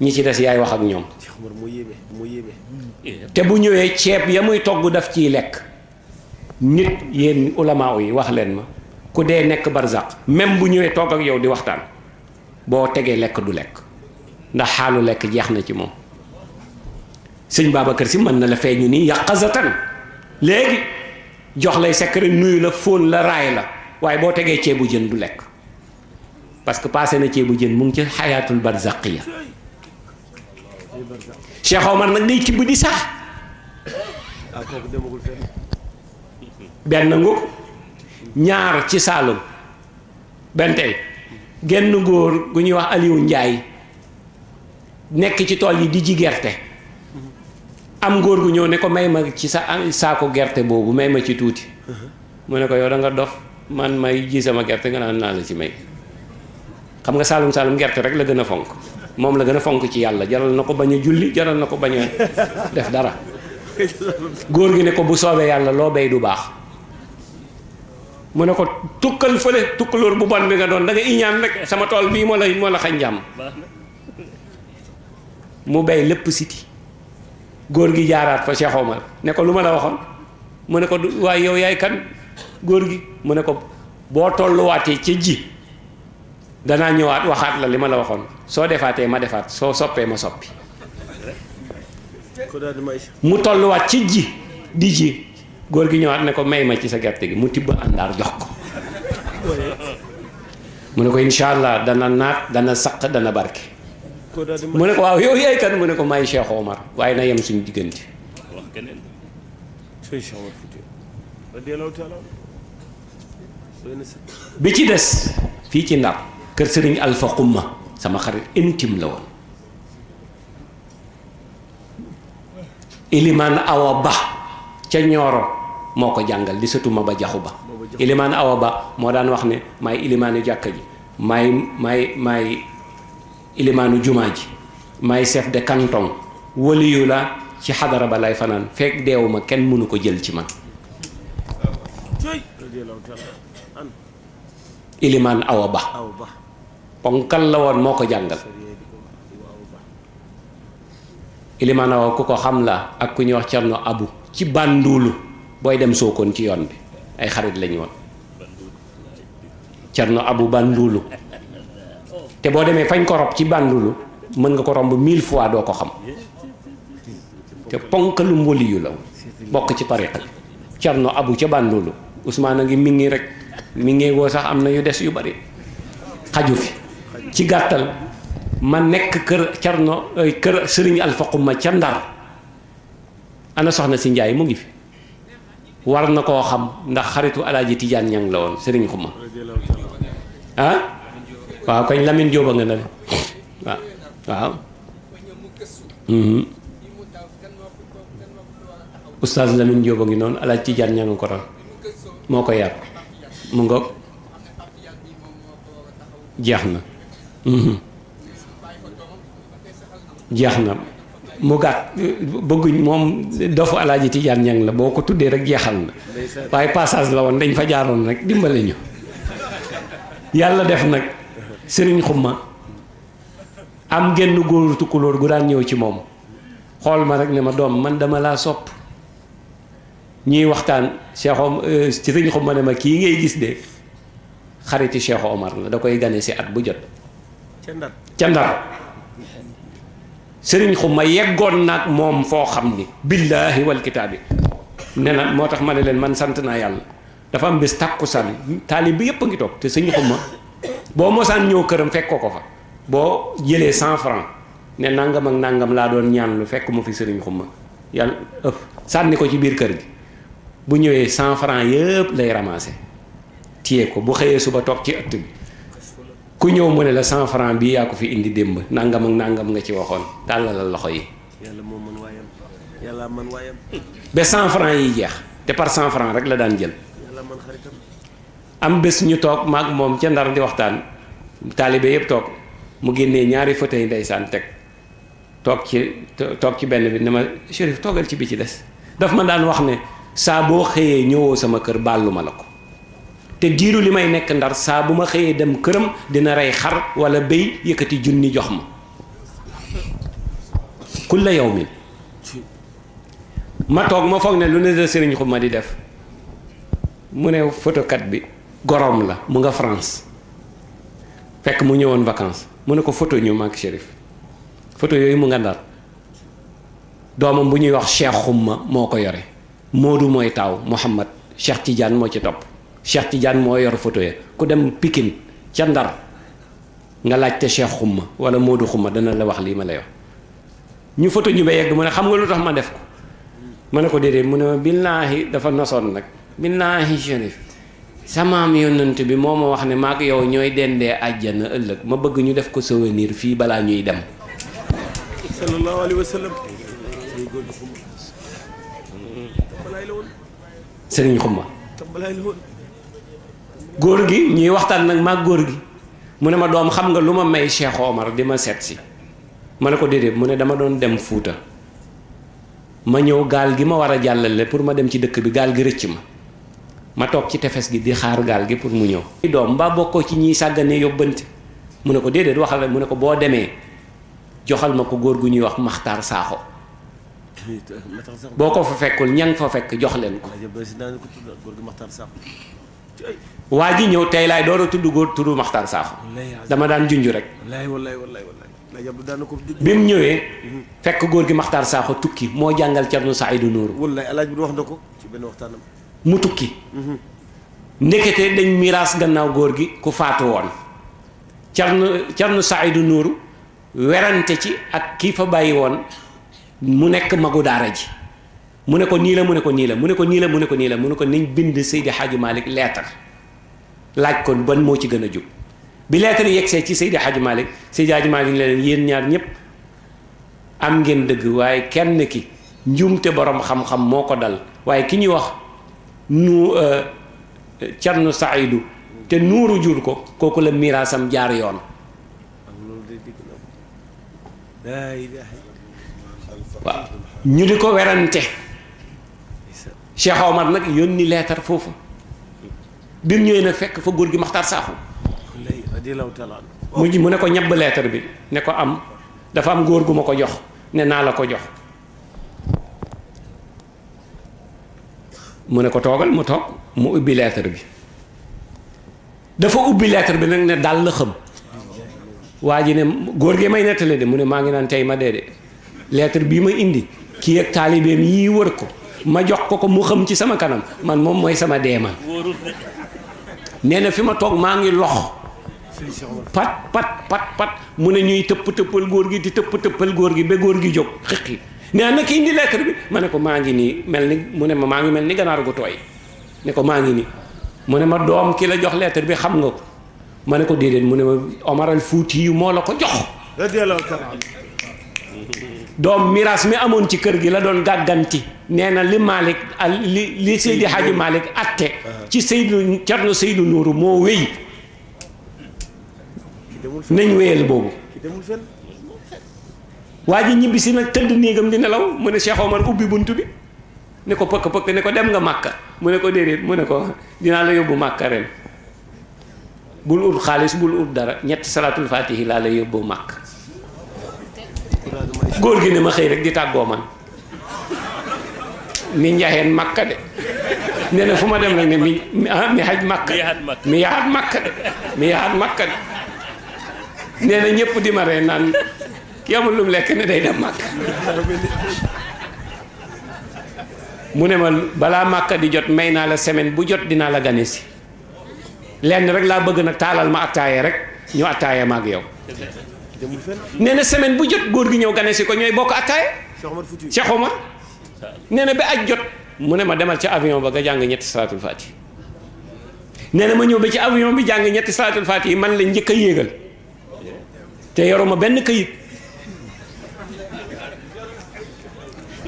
ñi ci des yaay wax ak ñoom te bu ñëwee ceeb ya muy togg daf ciy lekk nit yéen ulamaaw yi wax leen ma ku dee nekk barzaq même bu ñëwee togg ak yow di waxtaan boo tegee lekk du lekk ndax xaalu lekk jeex na ci moom sëñ Babacar si mën na la feeñu nii yàqazatan léegi jox lay secret nuyu la fóon la raay la waaye boo tegee ceebu jën du lekk parce que passé na ceebu jën mu ngi ci xayaatul barzaqiya Cheikh Omar nag day tibb di sax benn ngu ñaar ci Saalum benn tey genn góor gu ñuy wax Aliou Njaay nekk ci tool yi di ji gerte am góor gu ñëw ne ko may ma ci sa saako gerte boobu may ma ci tuuti uh-huh. mu ne ko yow da dox dof man may ji sama gerte nga naan naa la ci may xam nga saalum saalum gerte rek la gën a fonk moom la gën a fonk ci yàlla jaral na ko bañ a julli jaral na ko bañ a def dara góor gi ne ko bu soobee yàlla loo bay du baax mu ne ko tukkal fële tukkalóor bu bon bi nga doon da nga iñaan rek sama tool bii moo la moo la xañ jàmm mu bay lépp siti góor gi jaaraat fa Cheikh Omar ne ko lu ma la waxoon mu ne ko du waaye yow yaay kan góor gi mu ne ko boo tolluwaatee ci ji danaa ñëwaat waxaat la li ma la waxoon soo defaatee ma defaat soo soppee ma soppi mu tolluwaat ci ji di ji góor gi ñëwaat ne ko may ma ci sa gerte gi mu tibb àndaar jox ko mu ne ko incha allah dana naat dana saq dana barke mu ne ko waaw yow yaay kan mu ne ko maay Cheikh Omar waaye na yem suñu diggante. bi ci des fii ci Ndar kër Serigne Alpha sama xarit intime la woon Eliman Awa Ba ca Ñooro moo ko jàngal di sëtu Maba Jaxu Ba Eliman Awa Ba moo daan wax ne maay ilimaanu jàkka ji maay maay maay ilimaanu jumaa ji may chef de canton waliyu la ci xadara ba lay fanaan fekk deewuma kenn mënu ko jël ci man ilimaan awa ba ponkal la woon moo ko jàngal ilimaan awa ku ko xam la ak ku ñuy wax cerno abu ci bànduulu booy dem sookoon ci yoon bi ay xarit lañu woon cerno abu bànduulu te boo demee fañ ko rob ci bàndulu mën nga ko romb mille fois doo ko xam te ponkalum waliyu la bokk ci tariqa bi Cerno Abu ca bàndulu Ousmane a ngi mi ngi rek mi ngi woo sax am na yu des yu bari xaju fi ci gàttal ma nekk kër Cerno kër Sëriñ Alfaquma ca Ndar ana soxna si Njaay mu ngi fi war na koo xam ndax xaritu alaaji Tijaan ñang la woon Sëriñ Xuma ah waaw kañ Lamine Diop a nga na le waaw waaw mhm. oustaz Lamine Diop a ngi noonu alaaj ci jaar ñanga ko ron moo ko yar mu ngoog jeex na mhm. jeex na mu gàtt bëgguñ moom dofu alaaji Tijaan ñang la boo ko tuddee rek jeexal na waaye passage la woon dañ fa jaaroon rek dimbale ñu yàlla def nag sëriñ xumma am genn góoru tukkulóor gu daan ñëw ci moom xool ma rek ne ma doom man dama laa sopp ñuy waxtaan Cheikh Om euh, sëriñ xumma ne ma kii ngay gis de xariti Cheikh Omar la da koy gane si at bu jot ca Ndar sëriñ xumma yeggoon nag moom foo xam ni billaahi wal kitaabi ne na moo tax ma ne leen man sant naa yàlla dafa am bés tàkkusaan taalib bi yëpp a ngi toog te sëriñ xumma boo mosaan ñëw këram fekk ko ko fa boo jëlee cent franc ne nangam ak nangam laa doon ñaan lu fekk mu fi sëriñ xumma yàlla ëpp sànni ko ci biir kër gi bu ñëwee cent franc yëpp lay ramassé téye ko bu xëyee suba toog ci ëtt bi ku ñëw mu ne la cent franc bii yaa ko fi indi démb nangam ak nangam nga ci waxoon tàllal loxo yi. yàlla moo mën waayam yàlla mën waayam. ba cent franc yi jeex te par cent franc rek la daan jël. am bés ñu toog maag moom ca ndar di waxtaan taalibe yëpp toog mu génnee ñaari fauteuil yi ndeysaan teg toog ci toog ci benn bi ne ma Chérif toogal ci bi ci des daf ma daan wax ne saa boo xëyee ñëwoo sama kër bàllu ma la ko te diiru li may nekk ndar saa bu ma xëyee dem këram dina rey xar wala béy yëkkati junni jox ma kulla yawmin ma toog ma foog ne lu ne la sëriñ xub ma di def mu ne fotokat bi gorom la mu nga France fekk mu ñëwoon vacances mu ne ko foto ñu mag Chérif photo yooyu mu nga ndar doomam bu ñuy wax Cheikh Xumma moo ko yore Moodu mooy taaw Mouhamad Cheikh Tidiane moo ci topp Cheikh Tidiane moo yor photo ya ku dem Pikine ca ndar nga laajte Cheikh Xumma wala Moodu ma dana la wax lii ma lay wax ñu photo ñu ba yegg mu ne xam nga lu tax ma def ko ma ne ko déedéet mu ne billaahi dafa nosoon nag billaahi Chérif samaam yonant bi moo ma wax ne maak yow ñooy dendee àjjana ëllëg ma bëgg ñu def ko niir fii balaa ñuy dem sallallahu alayhi wa góor gi ñuy waxtaan nag maag góor gi mu ne ma doom xam nga lu ma may Cheikh Omar di ma seet si ma ne ko déedéet mu ne dama doon dem Fuuta ma ñëw gaal gi ma war a jàllale pour ma dem ci dëkk bi gaal gi rëcc ma ma toog ci tefes gi di xaar gaal gi pour mu ñëw. doom mbaa bokkoo ci ñiy sàgganee yóbbante mu ne ko déedéet waxal rek mu ne ko boo demee joxal ma ko góor gu ñuy wax Maxtaar Saaxo boo ko fa fekkul ña fa fekk jox leen ko. waa ji ñëw tey laay door a tudd góor tudd Maxtaar Saaxo dama daan junj rek. bi mu ñëwee fekk góor gi Maxtaar Saaxo tukki moo jàngal Cerno Saïdu Nuuru. wallaay alaaj bi wax na ko ci benn waxtaanam. mu tukki ndekete dañ miraas gannaaw góor gi ku faatu woon carnu carnu Saidu Nuuru werante ci ak kii fa bàyyi woon mu nekk magu daara ji mu ne ko nii la mu ne ko nii la mu ne ko nii la mu ne ko nii la mu ne ko niñ bind Seydi Hadji Malick leetar laaj kon ban moo ci gën a jub bi leetar yegsee ci Seydi Hadji Malick Seydi Hadji Malick ne leen yéen ñaar ñëpp am ngeen dëgg waaye kenn ki njuumte borom xam-xam moo ko dal waaye ki ñuy wax nu euh, Cerno Saidu te nuuru jur ko kooku la miraasam jaar yoon ñu di ko werante Cheikh Omar nag yónni leetar foofu biir mu ñëwee nag fekk fa góor gi Maxtaar Saaxu mu ne ko ñebb leetar bi ne ko am dafa am góor gu ma ko jox ne naa la ko jox mu ne ko toogal mu toog mu ubbi lettre bi dafa ubbi lettre bi nag ne daal la xam waa ji ne góor gi may nettale de mu ne maa ngi daan tay ma dee de lettre bii ma indi kii ak taalibeem yii wër ko ma jox ko ko mu xam ci sama kanam man moom mooy sama dee man nee na fi ma toog maa ngi lox pat pat pat pat mu ne ñuy tëpp tëppal góor gi di tëpp tëppal góor gi ba góor gi jóg xiqi nee na ki indi lettre bi ma ne ko maa ngi nii mel ni mu ne ma maa ngi mel ni ganaar gu tooy ne ko maa ngi nii mu ne ma doom ki la jox lettre bi xam nga ko ma ne ko déedéet mu ne ma Omar Fuuti yu moo la ko jox doom miraas mi amoon ci kër gi la doon gàgganti nee na li Malick li li Seydi Hadji atte ci Seydou Thierno Seydou Nourou moo wéy nañ wéyal boobu waa ji ñibbi si nag tëdd néegam di nelaw mu ne Cheikh Omar ubbi bunt bi ne ko pëkk pëkk ne ko dem nga màkk mu ne ko déedéet mu ne ko dinaa la yóbbu màkka ren bul ut xaalis bul ut dara ñetti salaatul faatihi laa la yóbbu màkk góor gi ne ma xëy rek di tàggoo man mi njaxeen màkka de nee na fu ma dem rek ne mi mi ah, xaj mi yaxat màkka de mi yaxat di ma ree naan ki amul lum lekk ne day dem màkk mu ne ma balaa màkk di jot may naa la semaine bu jot dinaa la gane si lenn rek laa bëgg nag taalal ma attaaya rek ñu attaaya ma ak yow nee na semaine bu jot góor gi ñëw gane si ko ñooy bokk attaaya Cheikh Omar nee na ba aj jot mu ne ma demal ci avion ba nga jàng ñetti salaatul faati nee na ma ñëw ba ci avion bi jàng ñetti salaatul yi man la njëkk a yéegal te yoruma benn kayit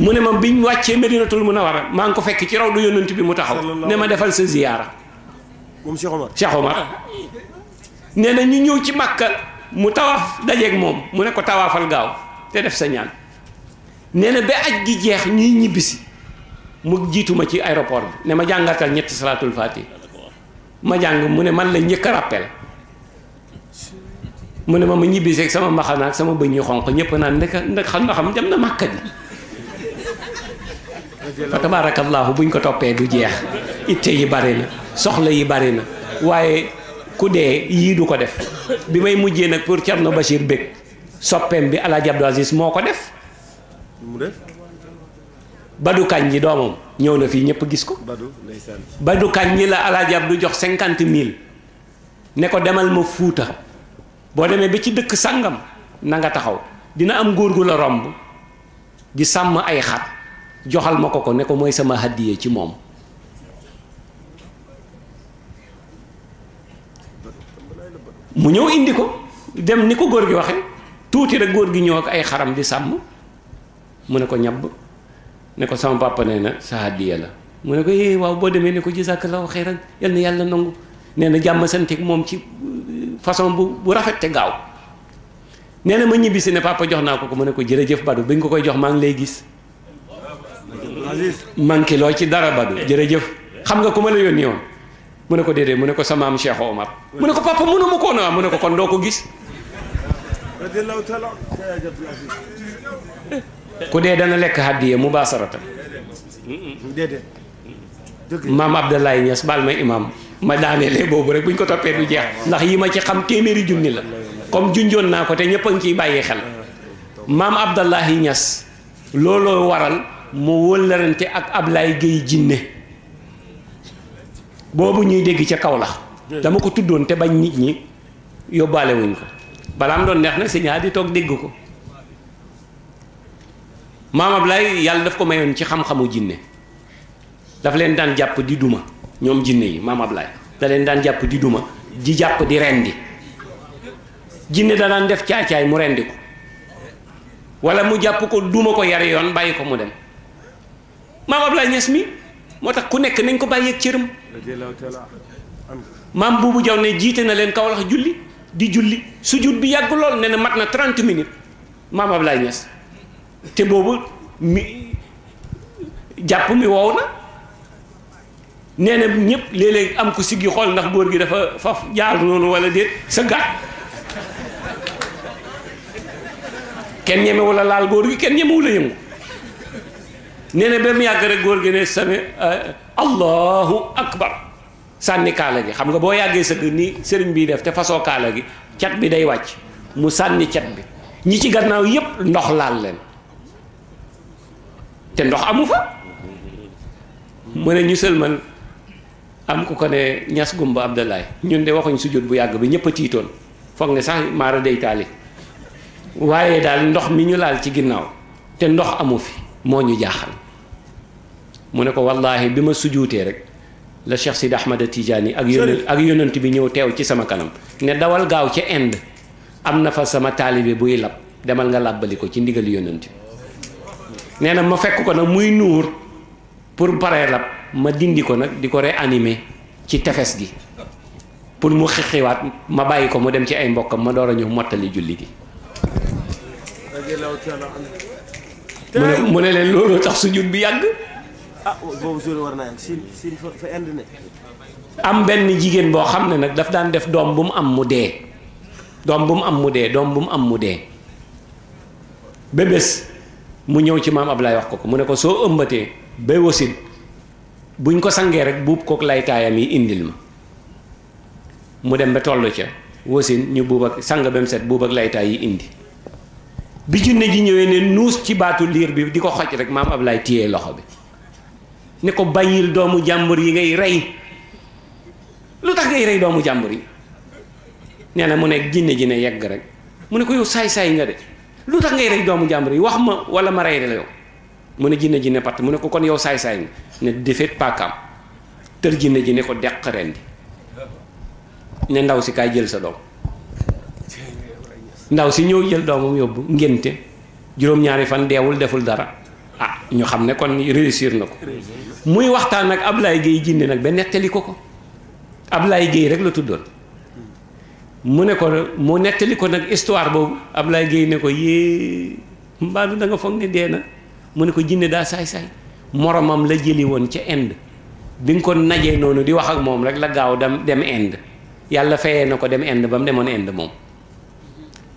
mu ne ma ñu wàccee Medinatul Munawwara maa ngi ko fekk ci raw du yonent bi mu taxaw ne ma defal sa ziyaara moom Cheikh Omar Cheikh nee na ñu ñëw ci Makka mu tawaaf dajeeg moom mu ne ko tawaafal gaaw te def sa ñaan nee na ba aj gi jeex ñuy ñibbisi mu jiitu ma ci aéroport bi ne ma jàngatal ñetti salaatul faati ma jàng mu ne man la njëkk a rappel mu ne ma ma ñibbisi ak sama mbaxana sama bëñ yu xonq ñëpp naan ndeka ndek xam nga xam dem na Makka fa tabaarakallaahu buñ ko toppee du jeex itte yi bari na soxla yi bari na waaye ku dee yii du ko def bi may mujjee nag pour Thierno Bachir Bég soppeem bi Alaaji Abdou Aziz moo ko def Badou yi doomam ñëw na fii ñëpp gis ko Badou Kandji la Alaaji Abdou jox cinquante mille ne ko demal ma fuuta boo demee ba ci dëkk sàngam na nga taxaw dina am góor gu la romb di sàmm ay xar joxal ma ko ko ne ko mooy sama hàddiyee ci moom mu ñëw indi ko dem ni ko góor gi waxee tuuti rek góor gi ñëw ak ay xaram di sàmm mu ne ko ñabb ne ko sama papa nee na sa hàddiyee la mu ne ko eh waaw boo demee ne ko jazakallahu xayran yal na yàlla nangu nee na jàmm santeeg moom ci euh, façon bu bu rafet te gaaw nee na ma ñibbisi ne papa jox naa ko ko mu ne ko jërëjëf Badou bi ñu ko koy jox maa ngi lay gis. manqué loo ci dara badu jërëjëf xam nga ku ma la yónni woon mu ne ko déedéet mu ne ko sama maam Cheikh Omar mu ne ko papa mënu ma koo na mu ne ko kon doo ko gis ku dee dana lekk hàddiye mu baasarata maam Abdoulaye Niass baal ma imaam ma daanelee boobu rek bu ñu ko toppee du jeex ndax yi ma ci xam téeméeri junni la comme junjoon naa ko te ñëpp ngi ciy bàyyi xel maam Abdoulaye Niass looloo waral mu wëllarante ak Ablaye Gueye jinne boobu ñuy dégg ca kawlax dama ko tuddoon te bañ nit ñi yóbbaale wuñ ko balaa mu doon neex nag ñaar di toog dégg ko maam Ablaye yàlla daf ko mayoon ci xam-xamu jinne daf leen daan jàpp di duma ñoom jinne yi maam Ablaye da daan jàpp di duma di jàpp di rendi jinne da daan def caay-caay mu rendi ko wala mu jàpp ko duma ko yar yoon bàyyi ko mu dem maam Ablaye Niass mi moo tax ku nekk nañ ko bàyyi ak cëram maam buubu jaw ne jiite na leen Kawlax julli di julli sujud bi yàgg lool ne na mat na 30 minutes maam Ablaye Niass te boobu mi jàpp mi wow na nee na ñëpp léeg-léeg am ko siggi xool ndax góor gi dafa faf jaar noonu wala déet sa gàtt kenn ñemewu la laal góor gi kenn ñemewu la yëngu nee na ba yàgg rek góor gi ne sami eh, allahu akbar sànni kaala gi xam nga boo yàggee sëgg ni sëriñ bi def te fasoo kaala gi cat bi day wàcc mu sànni cat bi ñi ci gannaaw yépp ndox laal leen te ndox amu fa mu ne ñu sëlman am ku ko ne ñas gumba abdalaay ñun de waxuñ sujjóot bu yàgg bi ñépp a tiitoon foog ne sax maara day taali waaye daal ndox mi ñu laal ci ginnaaw te ndox amu fi moo ñu jaaxal mu ne ko wallaahi bi ma sujuutee rek la Cheikh Sidi Ahmad Tidiane ak yónent ak yónent bi ñëw teew ci sama kanam ne dawal gaaw ca Inde am na fa sama taalibe buy lab demal nga làbbali ko ci ndigal yónent bi nee na ma fekk ko nag muy nuur pour paree lab ma dindi ko nag di ko réanimer ci tefes gi pour mu xixiwaat ma bàyyi ko mu dem ci ay mbokkam ma door a ñëw mottali julli gi mu ne mu ne leen looloo tax sujud bi yàgg. ah boobu suul war si si fa am benn jigéen boo xam ne nag daf daan def doom bu mu am mu dee doom bu mu am mu dee doom bu mu am mu dee ba bés mu ñëw ci maam Ablaye wax ko ko mu ne ko soo ëmbatee ba wasin buñ ko sangee rek buub kook laytaayam yi indil ma mu dem ba toll ca wasin ñu buub ak sang ba mu set buub ak laytaay yi indi bi junne ji ñëwee ne nuus ci baatu liir bi di ko xoj rek maam Ablaay téye loxo bi ne ko bàyyil doomu jàmbur yi ngay rey lu tax ngay rey doomu jàmbur yi nee na mu ne jinne ji ne rek mu ne ko yow saay-saay nga lu tax ngay rey doomu jàmbur yi wax ma wala ma rey la yow mu ne jinne ji ne patt mu ne ko kon yow saay-saay nga ne defet paakaam tër jinne ji ne ko deq ren ne ndaw si kaay jël sa doom ndaw si ñëw jël doomam yóbbu ngénte juróom-ñaari fan deewul deful dara ah ñu xam ne kon réussir na ko muy waxtaan ak Ablaye Gueye jinne nag ba nettali ko ko Ablaye Gueye rek la tuddoon mu ne ko mu nettali ko nag histoire boobu Ablaye Gueye ne ko yée mbaadu da nga foog ne dee na mu ne ko jinne daa saay-saay moromam la jëli woon ca Inde bi nga ko najee noonu di wax ak moom rek la gaaw dem dem Inde yàlla fayee na ko dem Inde ba mu demoon Inde moom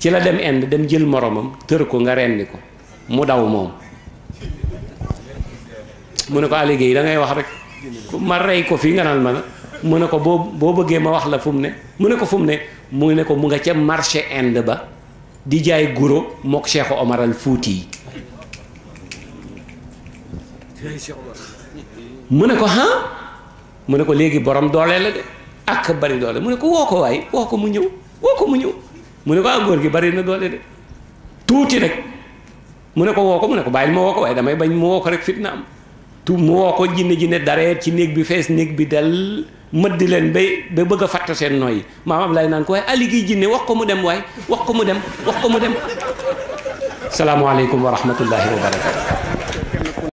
ci la dem Inde dem jël moromam tër ko nga rendi ko mu daw moom mu ne ko Aliou dangay wax rek ma rey ko fii nga naan ma mu ne ko boo boo bëggee ma wax la fu mu ne mu ne ko fu mu ne mu ne ko mu nga ca marché Inde ba di jaay guro mook Cheikh Omar al Fuuti yi mu ne ko ah mu ne ko léegi borom doolee la de ak bari doole mu ne ko woo ko waay woo ko mu ñëw woo ko mu ñëw mu ne ko ah góor gi bari na doole de tuuti rek mu ne ko woo ko mu ne ko bàyyil ma woo ko waaye damay bañ mu woo ko rek fitna am tu mu woo ko jinne ji ne dareet ci néeg bi fees néeg bi dal di leen bay ba bëgg a fàtte seen nooyi maam Ablaye naan ko waaye ali gi jinne wax ko mu dem waaye wax ko mu dem wax ko mu dem salaamaaleykum wa rahmatullahi wa barakatu